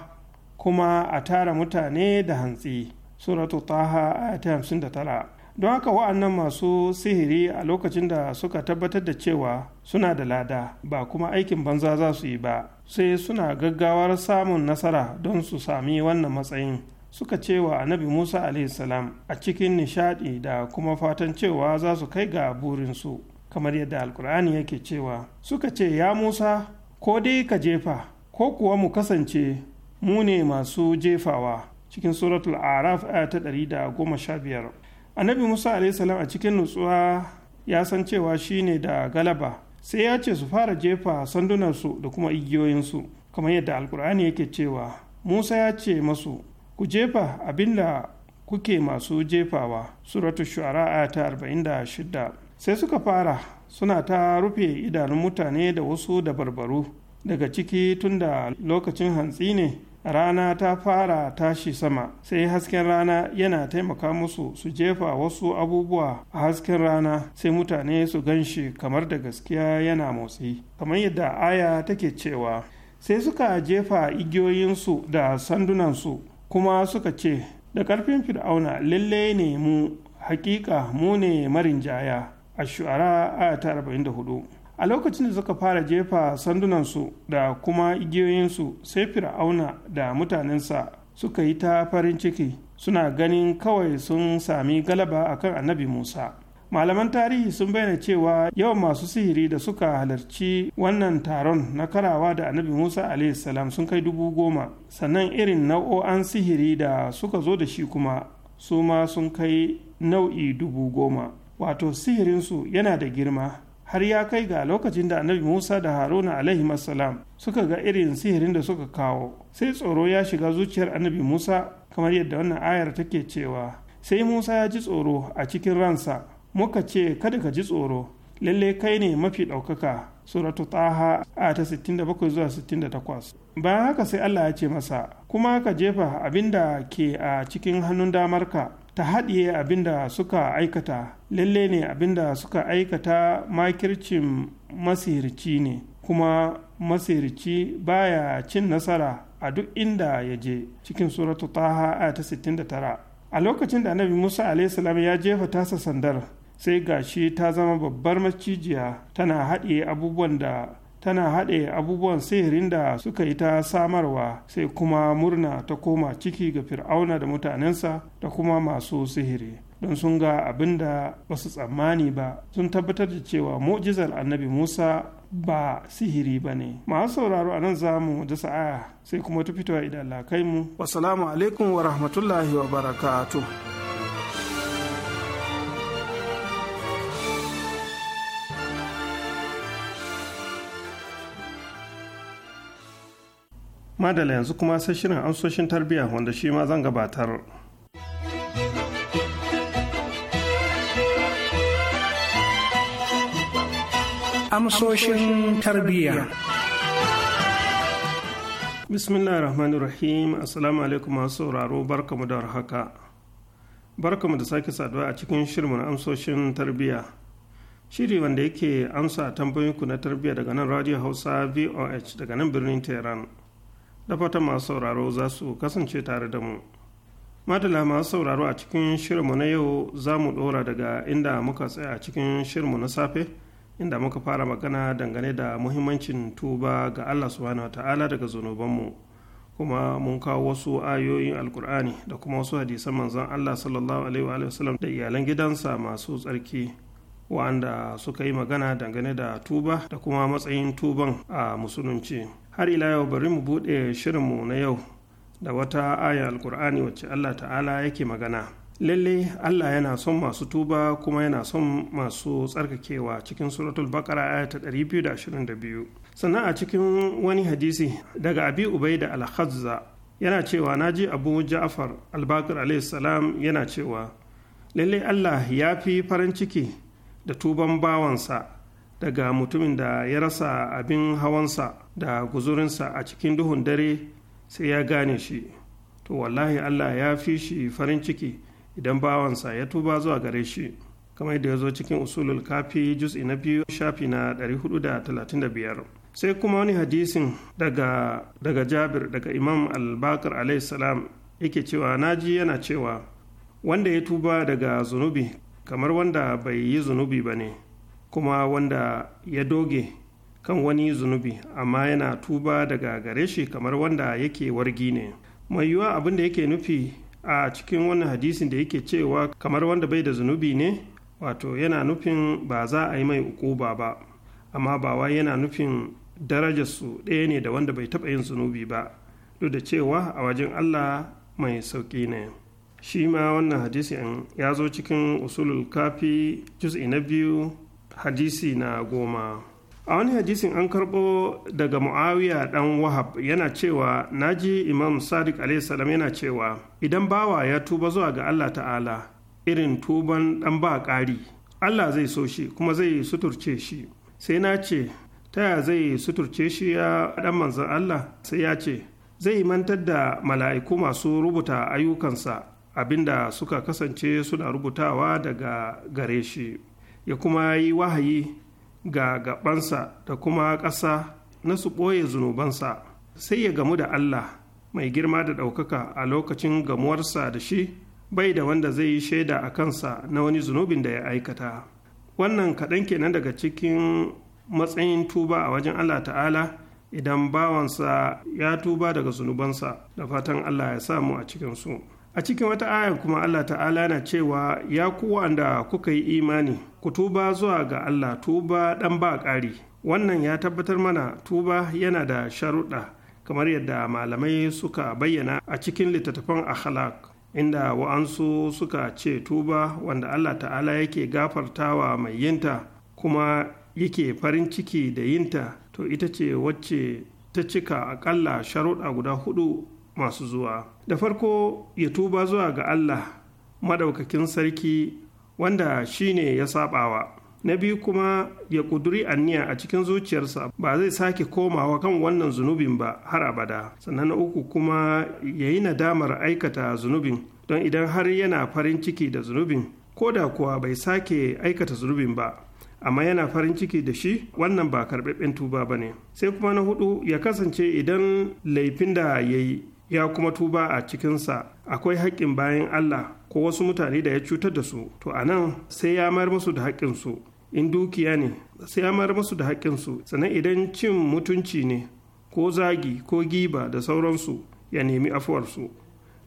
[SPEAKER 1] kuma a tara mutane da hantsi suratu taha aya ta 59 don haka wa'annan masu sihiri a lokacin da suka tabbatar da cewa suna da lada ba kuma aikin banza za su yi ba sai suna gaggawar samun nasara don su sami wannan matsayin suka cewa annabi musa salam a cikin nishadi da kuma fatan cewa za su kai ga burinsu kamar yadda alkur'ani yake cewa suka ce ya musa ko dai ka jefa ko kuwa mu kasance mu ne masu jefawa cikin suratul araf aya ta 115 annabi musa salam a cikin nutsuwa ya san cewa shine da galaba sai ya ce su fara jefa sandunansu da kuma igiyoyinsu kamar yadda alkur'ani yake cewa musa ya ce masu ku jefa abinda kuke masu jefawa suratu shu'ara ta 46 sai suka fara suna ta rufe idanun mutane da wasu dabarbaru daga ciki tun da lokacin hantsi ne rana ta fara tashi sama sai hasken rana yana taimaka musu su jefa wasu abubuwa a hasken rana sai mutane su gan shi kamar da gaskiya yana motsi kamar yadda aya take cewa sai suka jefa igiyoyinsu da sandunansu kuma suka ce da ƙarfin fir'auna lalle ne mu hakika mu ne marin jaya. a shu'ara a da 44 a lokacin da suka fara jefa sandunansu da kuma igiyoyinsu sai fir'auna da mutanensa suka yi ta farin ciki suna ganin kawai sun sami galaba akan annabi musa malaman tarihi sun bayyana cewa yawan masu sihiri da suka halarci wannan taron na karawa da annabi musa salam sun kai dubu goma sannan irin nau'o'an sihiri da suka zo da shi kuma su ma sun kai nau'i dubu goma wato sihirinsu yana da girma har ya kai ga lokacin da annabi musa da haruna alaihi salam suka ga irin sihirin da suka kawo sai tsoro ya shiga zuciyar annabi musa kamar yadda wannan ayar take cewa sai musa ya ji tsoro a cikin ransa muka ce kada ka ji tsoro lalle kai ne mafi ɗaukaka suratu taha a ta 67 zuwa 68 bayan haka sai allah ya ce masa kuma ka jefa abin da ke a cikin hannun damarka ta haɗiye abin da suka aikata lalle ne abin da suka aikata makircin masirci ne kuma masirci baya cin nasara a duk inda ya je cikin suratu taha a ta 69 a lokacin da annabi musa salam ya jefa tasa sandar sai gashi ta zama babbar macijiya tana haɗiye abubuwan da tana haɗe abubuwan sihirin da suka yi ta samarwa sai kuma murna ta koma ciki ga fir'auna da mutanensa da kuma masu sihiri don sun ga abin da ba su tsammani ba sun tabbatar da cewa mu'jizar annabi musa ba sihiri ba ne masu sauraro a nan za mu da sa'a sai kuma ta fitowa idan lakai mu wasalamu alaikum wa rahmatullahi wa barakatuh madala yanzu kuma sai shirin amsoshin tarbiyya wanda shi ma zan gabatar
[SPEAKER 2] amsoshin tarbiyya
[SPEAKER 1] bismillah rahmanir rahim assalamu alaikum masu sauraro barkamu da warhaka barkamu da sake saduwa a cikin shirin amsoshin tarbiyya shiri wanda yake amsa tambayoyinku na tarbiyya daga nan radio hausa voh daga nan birnin tehran da fata masu sauraro za su kasance tare da mu madala masu sauraro a cikin shirinmu na yau za mu ɗora daga inda muka tsaya a cikin shirinmu na safe inda muka fara magana dangane da muhimmancin tuba ga allah subhanahu ta'ala daga zunubanmu kuma mun kawo wasu ayoyin alkur'ani da kuma wasu hadisan manzon allah sallallahu alaihi wa sallam da iyalan gidansa masu tsarki wa'anda suka yi magana dangane da tuba da kuma matsayin tuban a musulunci har ila yau bari mu buɗe shirinmu na yau da wata ayar alkur'ani wacce allah ta'ala yake magana lalle allah yana son masu tuba kuma yana son masu tsarkakewa cikin suratul bakara aya ta 222 sannan a cikin wani hadisi daga abi ubaida al yana cewa na ji abu ja'far albakar alayhi salam yana cewa lalle allah ya fi farin ciki da tuban bawansa daga mutumin da ya rasa abin hawansa da guzurinsa a cikin duhun dare sai ya gane shi to wallahi allah ya fi shi farin ciki idan bawansa ya tuba zuwa gare shi kamar yadda ya zo cikin usulul kafi juz'i na biyu shafi na 435 sai kuma wani hadisin daga daga jabir daga imam albakar bakar salam yake cewa naji yana cewa wanda ya tuba daga zunubi kamar wanda bai yi zunubi ba ne kuma wanda ya doge kan wani zunubi amma yana tuba daga gare shi kamar wanda yake wargi ne mai yiwuwa abin da yake nufi a cikin wannan hadisin da yake cewa kamar wanda bai da zunubi ne wato yana nufin ba za a yi mai ukuba ba amma bawa yana nufin darajarsu ɗaya ne da wanda bai taɓa yin zunubi ba duk da cewa a wajen allah mai sauƙi ne shi ma wannan hadisin ya zo cikin usulul kafi juz'i na biyu hadisi na goma a wani hadisin an karɓo daga muawiya ɗan wahab yana cewa naji imam sadiq salam yana cewa idan bawa ya tuba zuwa ga allah ta'ala irin tuban ɗan ba ƙari allah zai so shi kuma zai suturce shi sai na ce ta ya zai suturce shi ya ɗan manzan allah sai ya ce zai mantar da mala'iku masu rubuta ayyukansa abinda suka kasance suna rubutawa daga gare shi ya kuma yi wahayi ga gabansa da kuma ƙasa na su ɓoye zunubansa sai ya gamu da Allah mai girma da ɗaukaka a lokacin gamuwarsa da shi bai da wanda zai yi shaida a kansa na wani zunubin da ya aikata wannan kaɗan kenan daga cikin matsayin tuba a wajen Allah ta'ala idan bawansa ya tuba daga zunubansa da fatan Allah ya samu a cikinsu. a cikin wata aya kuma Allah ta'ala na cewa ya ku wanda kuka yi imani ku tuba zuwa ga Allah tuba dan ba ƙari wannan ya tabbatar mana tuba yana da sharuɗa kamar yadda malamai suka bayyana a cikin littattafan akhlaq inda wa'ansu suka ce tuba wanda Allah ta'ala yake gafartawa mai yinta kuma yake farin ciki da yinta to ita ce wacce ta cika akalla sharuɗa guda hudu masu zuwa da farko ya tuba zuwa ga Allah madaukakin sarki wanda shi ne ya saɓawa. na biyu kuma ya ƙuduri anniya a cikin zuciyarsa ba zai sake komawa kan wannan zunubin ba har abada sannan na uku kuma ya yi nadamar aikata zunubin don idan har yana farin ciki da zunubin ko da kuwa bai sake aikata zunubin ba amma yana farin ciki da shi wannan ba karɓaɓɓen tuba ba ne sai kuma na hudu ya kasance idan laifin da ya yi ya kuma tuba a cikinsa akwai haƙƙin bayan Allah ko wasu mutane da ya cutar da su to a nan sai ya mayar musu da haƙƙinsu in dukiya ne sai ya mayar musu da haƙƙinsu sannan idan cin mutunci ne ko zagi ko giba da sauransu ya nemi afuwarsu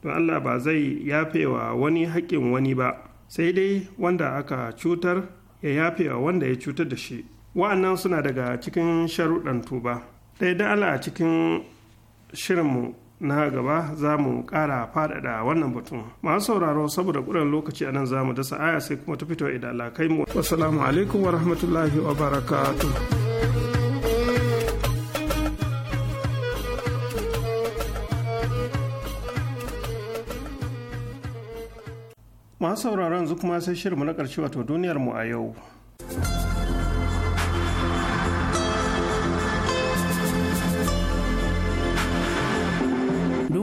[SPEAKER 1] don Allah ba zai yafewa wani haƙƙin wani ba sai dai wanda aka cutar ya yafewa wanda ya cutar da shi wa'annan suna daga cikin sharuɗan tuba ɗaya da Allah a cikin shirinmu na gaba za mu ƙara faɗaɗa wannan batun masu sauraro saboda ƙuran lokaci a nan za mu dasa aya sai kuma ta fito idan alakai mu wasu alaikum wa rahmatullahi wa barakatu. masu sauraron yanzu kuma sai shirinmu na ƙarshe wato duniyarmu a yau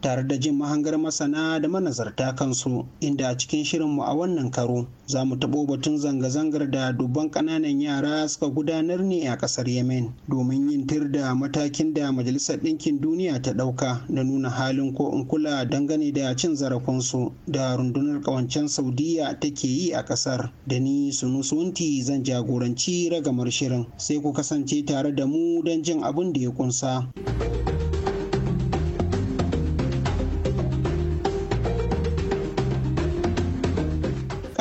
[SPEAKER 2] tare da jin mahangar masana da manazarta kansu inda a cikin shirinmu a wannan karo za mu taɓo batun zanga-zangar da dubban ƙananan yara suka gudanar ne a ƙasar yemen domin yin tir da matakin da majalisar ɗinkin duniya ta ɗauka da nuna halin ko in kula dangane da cin zarafinsu da rundunar ƙawancen saudiya take yi a ƙasar da ni sunu sunti zan jagoranci ragamar shirin sai ku kasance tare da mu don jin abin da ya kunsa.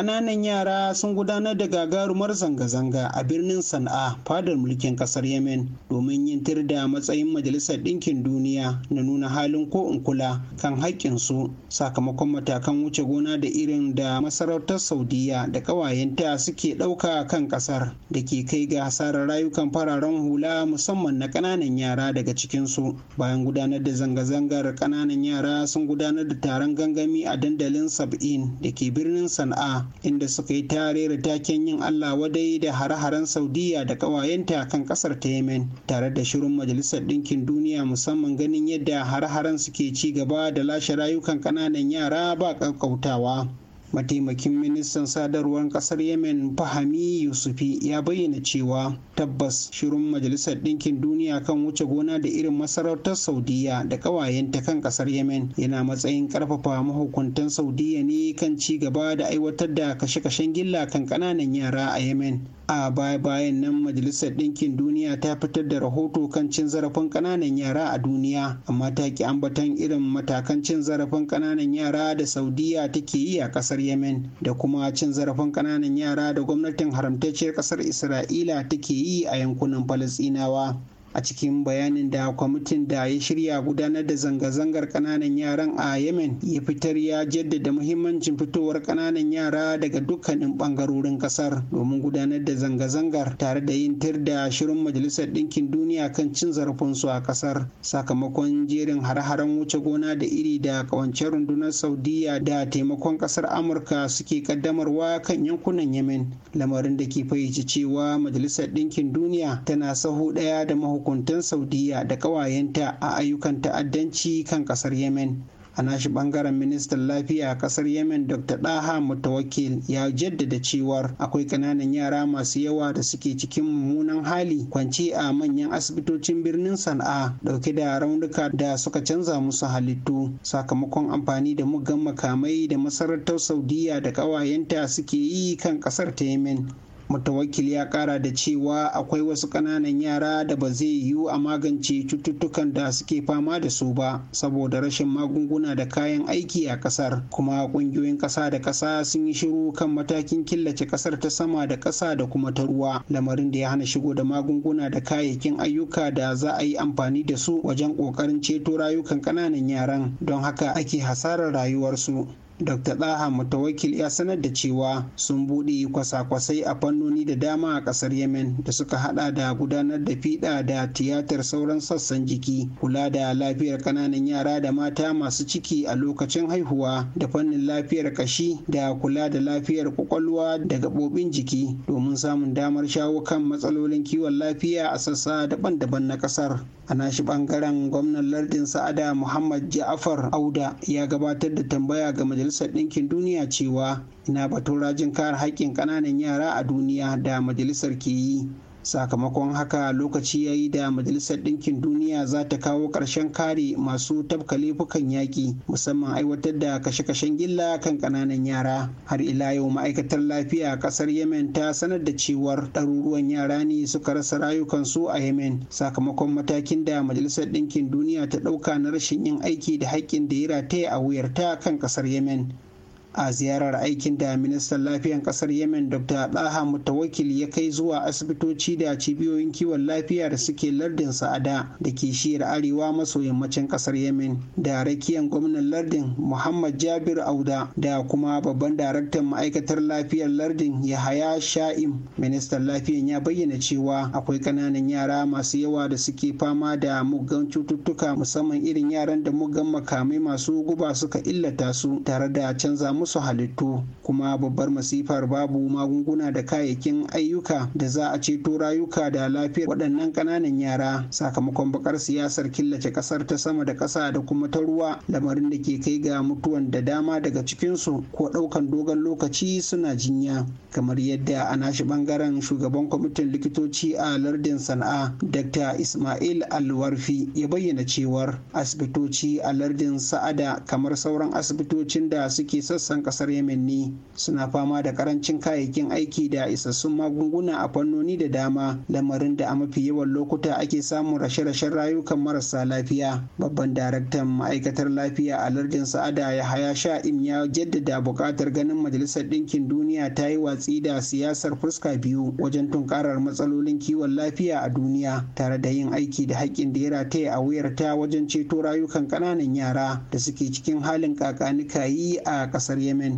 [SPEAKER 2] ƙananan yara sun gudanar da gagarumar zanga-zanga a birnin sana'a fadar mulkin ƙasar yemen domin yin da matsayin majalisar ɗinkin duniya na nuna halin ko in kula kan haƙƙinsu sakamakon matakan wuce gona da irin da masarautar Saudiyya da ƙawayenta suke ɗauka kan ƙasar da ke kai ga hasarar rayukan fararen hula musamman na ƙananan yara daga cikinsu bayan gudanar da zanga-zangar ƙananan yara sun gudanar da taron gangami a dandalin sab'in da ke birnin sana'a inda suka yi tare da taken yin Allah wadai da hare-haren Saudiya da ƙawayenta kan ƙasar ta Yemen tare da shirin Majalisar Ɗinkin Duniya musamman ganin yadda hare-haren suke ci gaba da lashe rayukan ƙananan yara ba ƙaƙƙautawa. mataimakin ministan sadarwar kasar yemen fahami yusufi ya bayyana cewa tabbas shirin majalisar ɗinkin duniya kan wuce gona da irin masarautar saudiya da ƙawayenta kan kasar yemen yana matsayin ƙarfafa mahukuntan saudiya ne kan ci gaba da aiwatar da kashe-kashen gilla kan ƙananan yara a yemen a baya bayan nan majalisar ɗinkin duniya ta fitar da rahoto kan cin zarafin ƙananan yara a duniya amma ta ki ambatan irin matakan cin zarafin ƙananan yara da saudiya take yi a ƙasar yemen da kuma cin zarafin ƙananan yara da gwamnatin haramtacciyar ƙasar isra'ila take yi a yankunan falasɗinawa a cikin bayanin da kwamitin da ya shirya gudanar da zanga-zangar kananan yaran a yemen ya fitar ya jaddada muhimmancin fitowar kananan yara daga dukkanin bangarorin kasar domin gudanar da zanga-zangar tare da yin tir da shirin majalisar ɗinkin duniya kan cin zarafinsu a kasar sakamakon jerin har-haren wuce gona da iri da kawancen rundunar saudiya da taimakon kasar amurka suke kaddamarwa kan yankunan yemen lamarin da ke fahimci cewa majalisar ɗinkin duniya tana sahu ɗaya da mahu mahukuntan saudiya da ƙawayenta a ayyukan ta'addanci kan ƙasar yemen a nashi bangaren ministan lafiya a kasar yemen dr daha mutawakil ya jaddada cewar akwai kananan yara masu yawa da suke cikin mummunan hali Kwanci a manyan asibitocin birnin sana'a dauke da raunuka da suka canza musu halittu sakamakon amfani da muggan makamai da masarautar saudiya da kawayenta suke yi kan kasar ta yemen mutawakil ya kara da cewa akwai wasu ƙananan yara da ba zai yiwu a magance cututtukan da suke fama da su ba saboda rashin magunguna da kayan aiki a ƙasar kuma ƙungiyoyin ƙasa da ƙasa sun yi shiru kan matakin killace ƙasar ta sama da ƙasa da kuma ta ruwa lamarin da ya hana shigo da magunguna da kayayyakin ayyuka da za a yi amfani da su wajen ƙoƙarin ceto rayukan ƙananan yaran don haka ake hasarar rayuwarsu dr daha mutawakil ya sanar da cewa sun buɗe kwasa-kwasai a fannoni da dama a ƙasar yemen da suka hada da gudanar da fiɗa da tiyatar sauran sassan jiki kula da lafiyar ƙananan yara da mata masu ciki a lokacin haihuwa da fannin lafiyar ƙashi da kula da lafiyar ƙwaƙwalwa da gaɓoɓin jiki domin samun damar shawo kan matsalolin kiwon lafiya a sassa daban-daban na ƙasar a nashi ɓangaren gwamnan lardin sa'ada muhammad ja'afar auda ya gabatar da tambaya ga majalisar majalisar ɗinkin duniya cewa ina batun rajin kare haƙƙin ƙananan yara a duniya da majalisar ke yi sakamakon haka lokaci ya yi da majalisar ɗinkin duniya za ta kawo ƙarshen kare masu tabka laifukan yaƙi musamman aiwatar da kashe-kashen gilla kan ƙananan yara har ila yau ma'aikatar lafiya ƙasar yemen ta sanar da cewar ɗaruruwan yara ne suka rasa rayukansu a yemen sakamakon matakin da majalisar ɗinkin duniya ta ɗauka na rashin yin aiki da haƙƙin da ya rataya a wuyarta kan ƙasar yemen a ziyarar aikin da ministan lafiyan kasar yemen dr daha mutawakil ya kai zuwa asibitoci da cibiyoyin kiwon lafiya da suke lardin sa'ada da ke shiyar arewa maso yammacin kasar yemen da rakiyan gwamnan lardin muhammad jabir auda da kuma babban daraktan ma'aikatar lafiyar lardin yahaya sha'im ministan lafiyan ya bayyana cewa akwai ƙananan yara masu yawa da suke fama da muggan cututtuka musamman irin yaran da muggan makamai masu guba suka illata su tare da canza musu musu halittu kuma babbar masifar babu magunguna da kayayyakin ayyuka da za a ceto rayuka da lafiyar waɗannan ƙananan yara sakamakon bakar siyasar killace ƙasar ta sama da ƙasa da kuma ta ruwa lamarin da ke kai ga mutuwan da dama daga cikinsu ko ɗaukan dogon lokaci suna jinya kamar yadda a nashi ɓangaren shugaban kwamitin likitoci a lardin sana'a dr ismail alwarfi ya bayyana cewar asibitoci a lardin sa'ada kamar sauran asibitocin da suke sassan sassan kasar yemen ne suna fama da karancin kayayyakin aiki da isassun magunguna a fannoni da dama lamarin da a mafi yawan lokuta ake samun rashe-rashen rayukan marasa lafiya babban daraktan ma'aikatar lafiya a lardin sa'ada ya haya sha'im ya jaddada buƙatar ganin majalisar ɗinkin duniya ta yi watsi da siyasar fuska biyu wajen tunkarar matsalolin kiwon lafiya a duniya tare da yin aiki da haƙƙin da ya rataye a wuyar ta wajen ceto rayukan ƙananan yara da suke cikin halin kakanikayi a ƙasar ƙasar yemen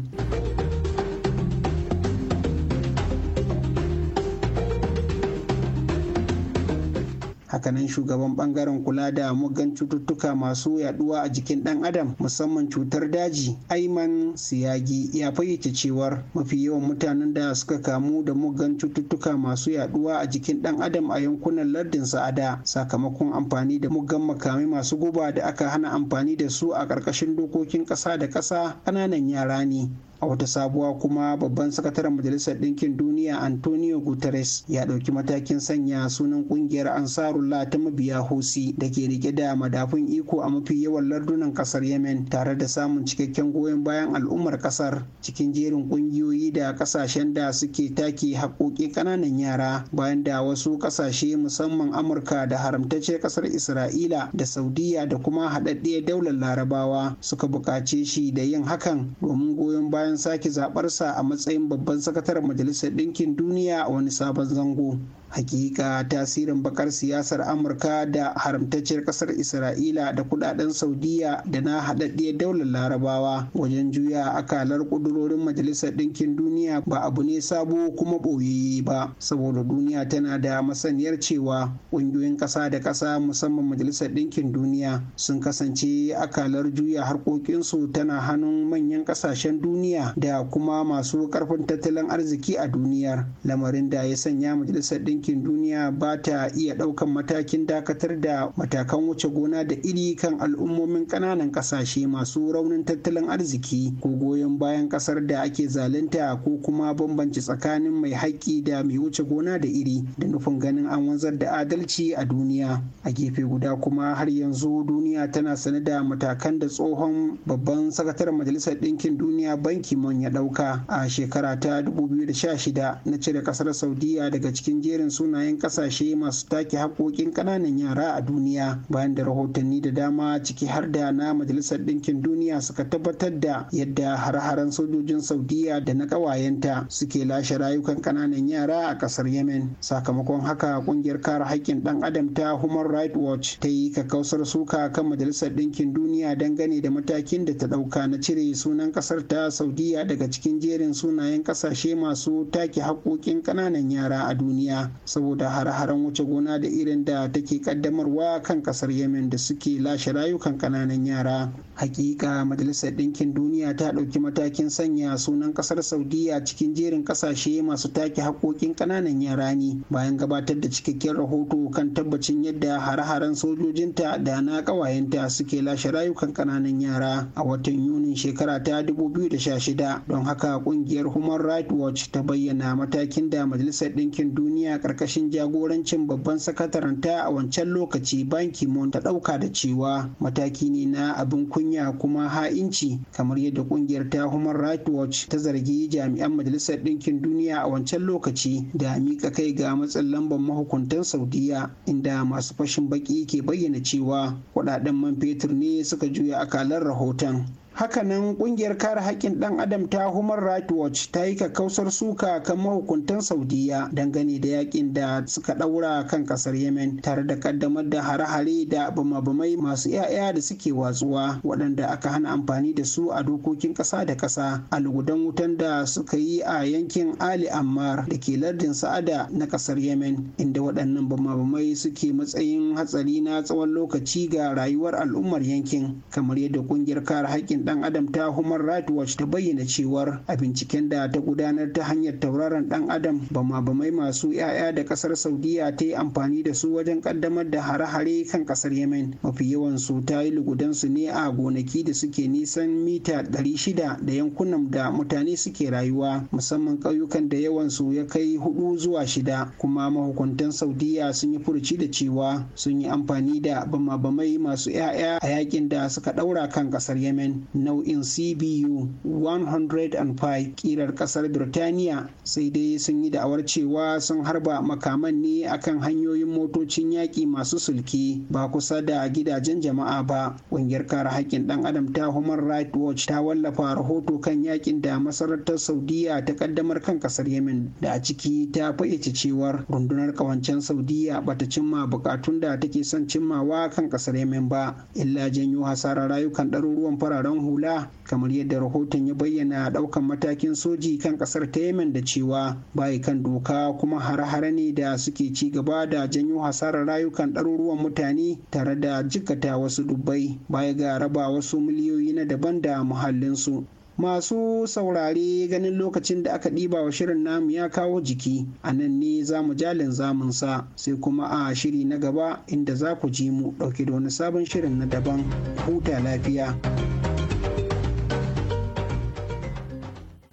[SPEAKER 2] hakanan shugaban bangaren kula da mugan cututtuka masu yaduwa a jikin dan adam musamman cutar daji aiman siyagi ya fayyace cewar mafi yawan mutanen da suka kamu da mugan cututtuka masu yaduwa a jikin dan adam a yankunan lardin sa'ada sakamakon amfani da mugan makamai masu guba da aka hana amfani da su a ƙarƙashin dokokin ƙasa da ƙasa ƙananan yara ne a wata sabuwa kuma babban sakataren majalisar ɗinkin duniya antonio guterres ya ɗauki matakin sanya sunan ƙungiyar ansarullah ta mabiya hosi da ke riƙe da madafun iko a mafi yawan lardunan ƙasar yemen tare da samun cikakken goyon bayan al'ummar ƙasar cikin jerin ƙungiyoyi da ƙasashen da suke take haƙoƙi ƙananan yara bayan da wasu ƙasashe musamman amurka da haramtacce ƙasar isra'ila da saudiya da kuma haɗaɗɗiyar daular larabawa suka buƙace shi da yin hakan domin goyon bayan bayan sake zaɓarsa a matsayin babban sakataren majalisar ɗinkin duniya a wani sabon zango hakika tasirin bakar siyasar amurka da haramtacciyar kasar isra'ila da kudaden saudiya da na haɗaɗɗiyar daular larabawa wajen juya akalar ƙudurorin majalisar ɗinkin duniya ba abu ne sabo kuma ɓoyayye ba saboda duniya tana da masaniyar cewa ƙungiyoyin ƙasa da ƙasa musamman majalisar ɗinkin duniya sun kasance akalar juya harkokinsu tana hannun manyan ƙasashen duniya da kuma masu ƙarfin tattalin arziki a duniyar lamarin da ya sanya majalisar ɗinkin ɗinkin duniya ba ta iya ɗaukan matakin dakatar da matakan wuce gona da iri kan al'ummomin ƙananan ƙasashe masu raunin tattalin arziki ko goyon bayan ƙasar da ake zalunta ko kuma bambanci tsakanin mai haƙƙi da mai wuce gona da iri da nufin ganin an wanzar da adalci a duniya a gefe guda kuma har yanzu duniya tana sane da matakan da tsohon babban sakataren majalisar ɗinkin duniya banki mon ya ɗauka a shekara ta 2016 na cire ƙasar saudiya daga cikin jerin sunayen kasashe masu take haƙoƙin ƙananan yara a duniya bayan da rahotanni da dama ciki har da na majalisar ɗinkin duniya suka tabbatar da yadda har-haren sojojin saudiya da na ƙawayenta suke lashe rayukan ƙananan yara a ƙasar yemen sakamakon haka ƙungiyar kare haƙƙin ɗan adam ta human rights watch ta yi kakkausar suka kan majalisar ɗinkin duniya dangane da matakin da ta ɗauka na cire sunan ƙasar ta saudiya daga cikin jerin sunayen ƙasashe masu take haƙoƙin ƙananan yara a duniya saboda har-haren wuce gona da irin da take kaddamarwa kan kasar yemen da suke lashe rayukan kananan yara hakika majalisar ɗinkin duniya ta ɗauki matakin sanya sunan kasar saudiya cikin jerin ƙasashe masu take haƙoƙin kananan yara ne bayan gabatar da cikakken rahoto kan tabbacin yadda har-haren sojojinta da na ƙawayenta suke lashe rayukan kananan yara a watan yunin shekara ta 2016 don haka ƙungiyar human rights watch ta bayyana matakin da majalisar ɗinkin duniya karkashin jagorancin babban sakataren ta a wancan lokaci ban kimon ta ɗauka da cewa mataki ne na abin kunya kuma ha'inci kamar yadda ƙungiyar ta human rights watch ta zargi jami'an majalisar ɗinkin duniya a wancan lokaci da miƙa kai ga matsin lambar mahukuntan saudiya inda masu fashin baki ke bayyana cewa kuɗaɗen man fetur ne suka juya akalar rahoton hakanan kungiyar kare haƙƙin ɗan adam ta human rights watch ta yi kakkausar suka kan mahukuntan saudiya dangane da yakin da suka ɗaura kan ƙasar yemen tare da kaddamar da hare-hare da bamabamai masu 'ya'ya da suke watsuwa waɗanda aka hana amfani da su a dokokin ƙasa da ƙasa a lugudan wutan da suka yi a yankin ali ammar da ke lardin sa'ada na ƙasar yemen inda waɗannan bamabamai suke matsayin hatsari na tsawon lokaci ga rayuwar al'ummar yankin kamar yadda kungiyar kare haƙƙin dan adam ta human rights watch ta bayyana cewar a binciken da ta gudanar ta hanyar tauraron dan adam bama bamai masu 'ya'ya da kasar saudiya ta yi amfani da su wajen kaddamar da hare-hare kan kasar yemen mafi yawan su ta yi lugudan su ne a gonaki da suke nisan mita 600 da yankunan da mutane suke rayuwa musamman ƙauyukan da yawan su ya kai hudu zuwa shida kuma mahukuntan saudiya sun yi furuci da cewa sun yi amfani da bama-bamai masu 'ya'ya a yakin da suka daura kan kasar yemen nau'in cbu 105 kirar kasar birtaniya sai dai sun yi da'awar cewa sun harba makaman ne akan hanyoyin motocin yaƙi masu sulki ba kusa da gidajen jama'a ba ƙungiyar kare haƙƙin ɗan adam ta human rights watch ta wallafa rahoto kan yaƙin da masarautar saudiya ta ƙaddamar kan ƙasar yemen da a ciki ta fayyace cewar rundunar ƙawancen saudiya bata cimma bukatun da take son cimmawa kan ƙasar yemen ba illa janyo hasarar rayukan ɗaruruwan fararen fararen hula kamar yadda rahoton ya bayyana daukan matakin soji kan kasar ta yemen da cewa bayi kan doka kuma hare-hare ne da suke ci gaba da janyo hasarar rayukan ɗaruruwan mutane tare da jikata wasu dubbai baya ga raba wasu miliyoyi na daban da muhallinsu masu saurare ganin lokacin da aka ɗiba wa shirin namu ya kawo jiki a nan ne za mu jalin zamunsa sai kuma a shiri na gaba inda za ku ji mu ɗauke da wani sabon shirin na daban huta lafiya.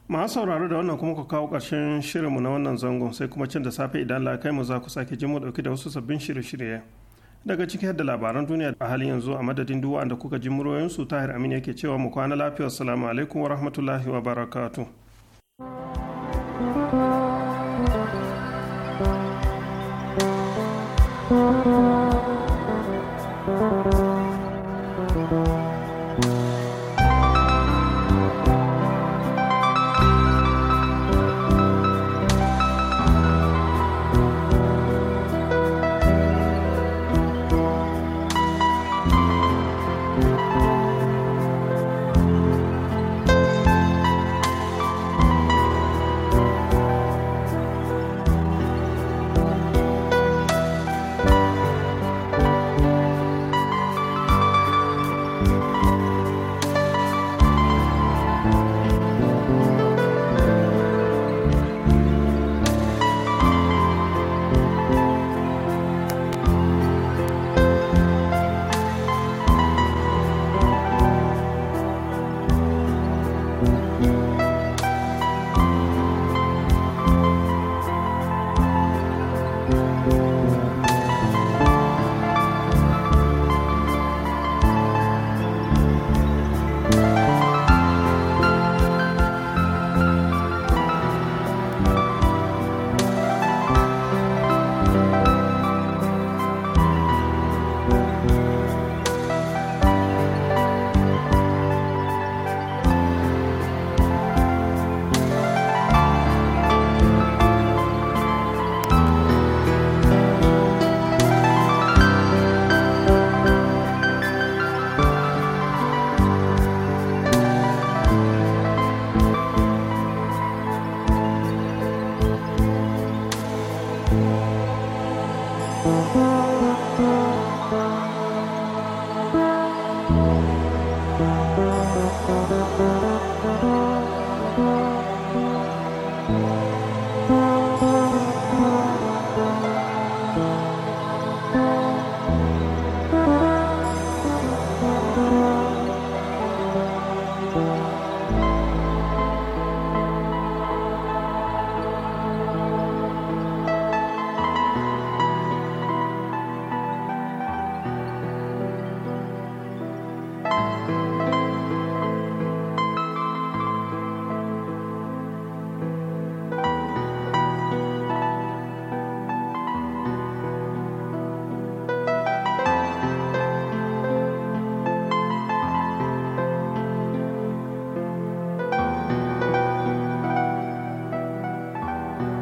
[SPEAKER 1] masu sauraro da wannan kuma ku kawo ƙarshen shirinmu na wannan zangon sai kuma can da safe idan la mu za ku sake jin mu dauki da wasu sabbin shirye-shirye daga ciki da labaran duniya a halin yanzu a madadin duk wanda kuka ji su tahir amin yake cewa mu kwana lafiya assalamu alaikum wa rahmatullahi wa barakatu.
[SPEAKER 10] thank you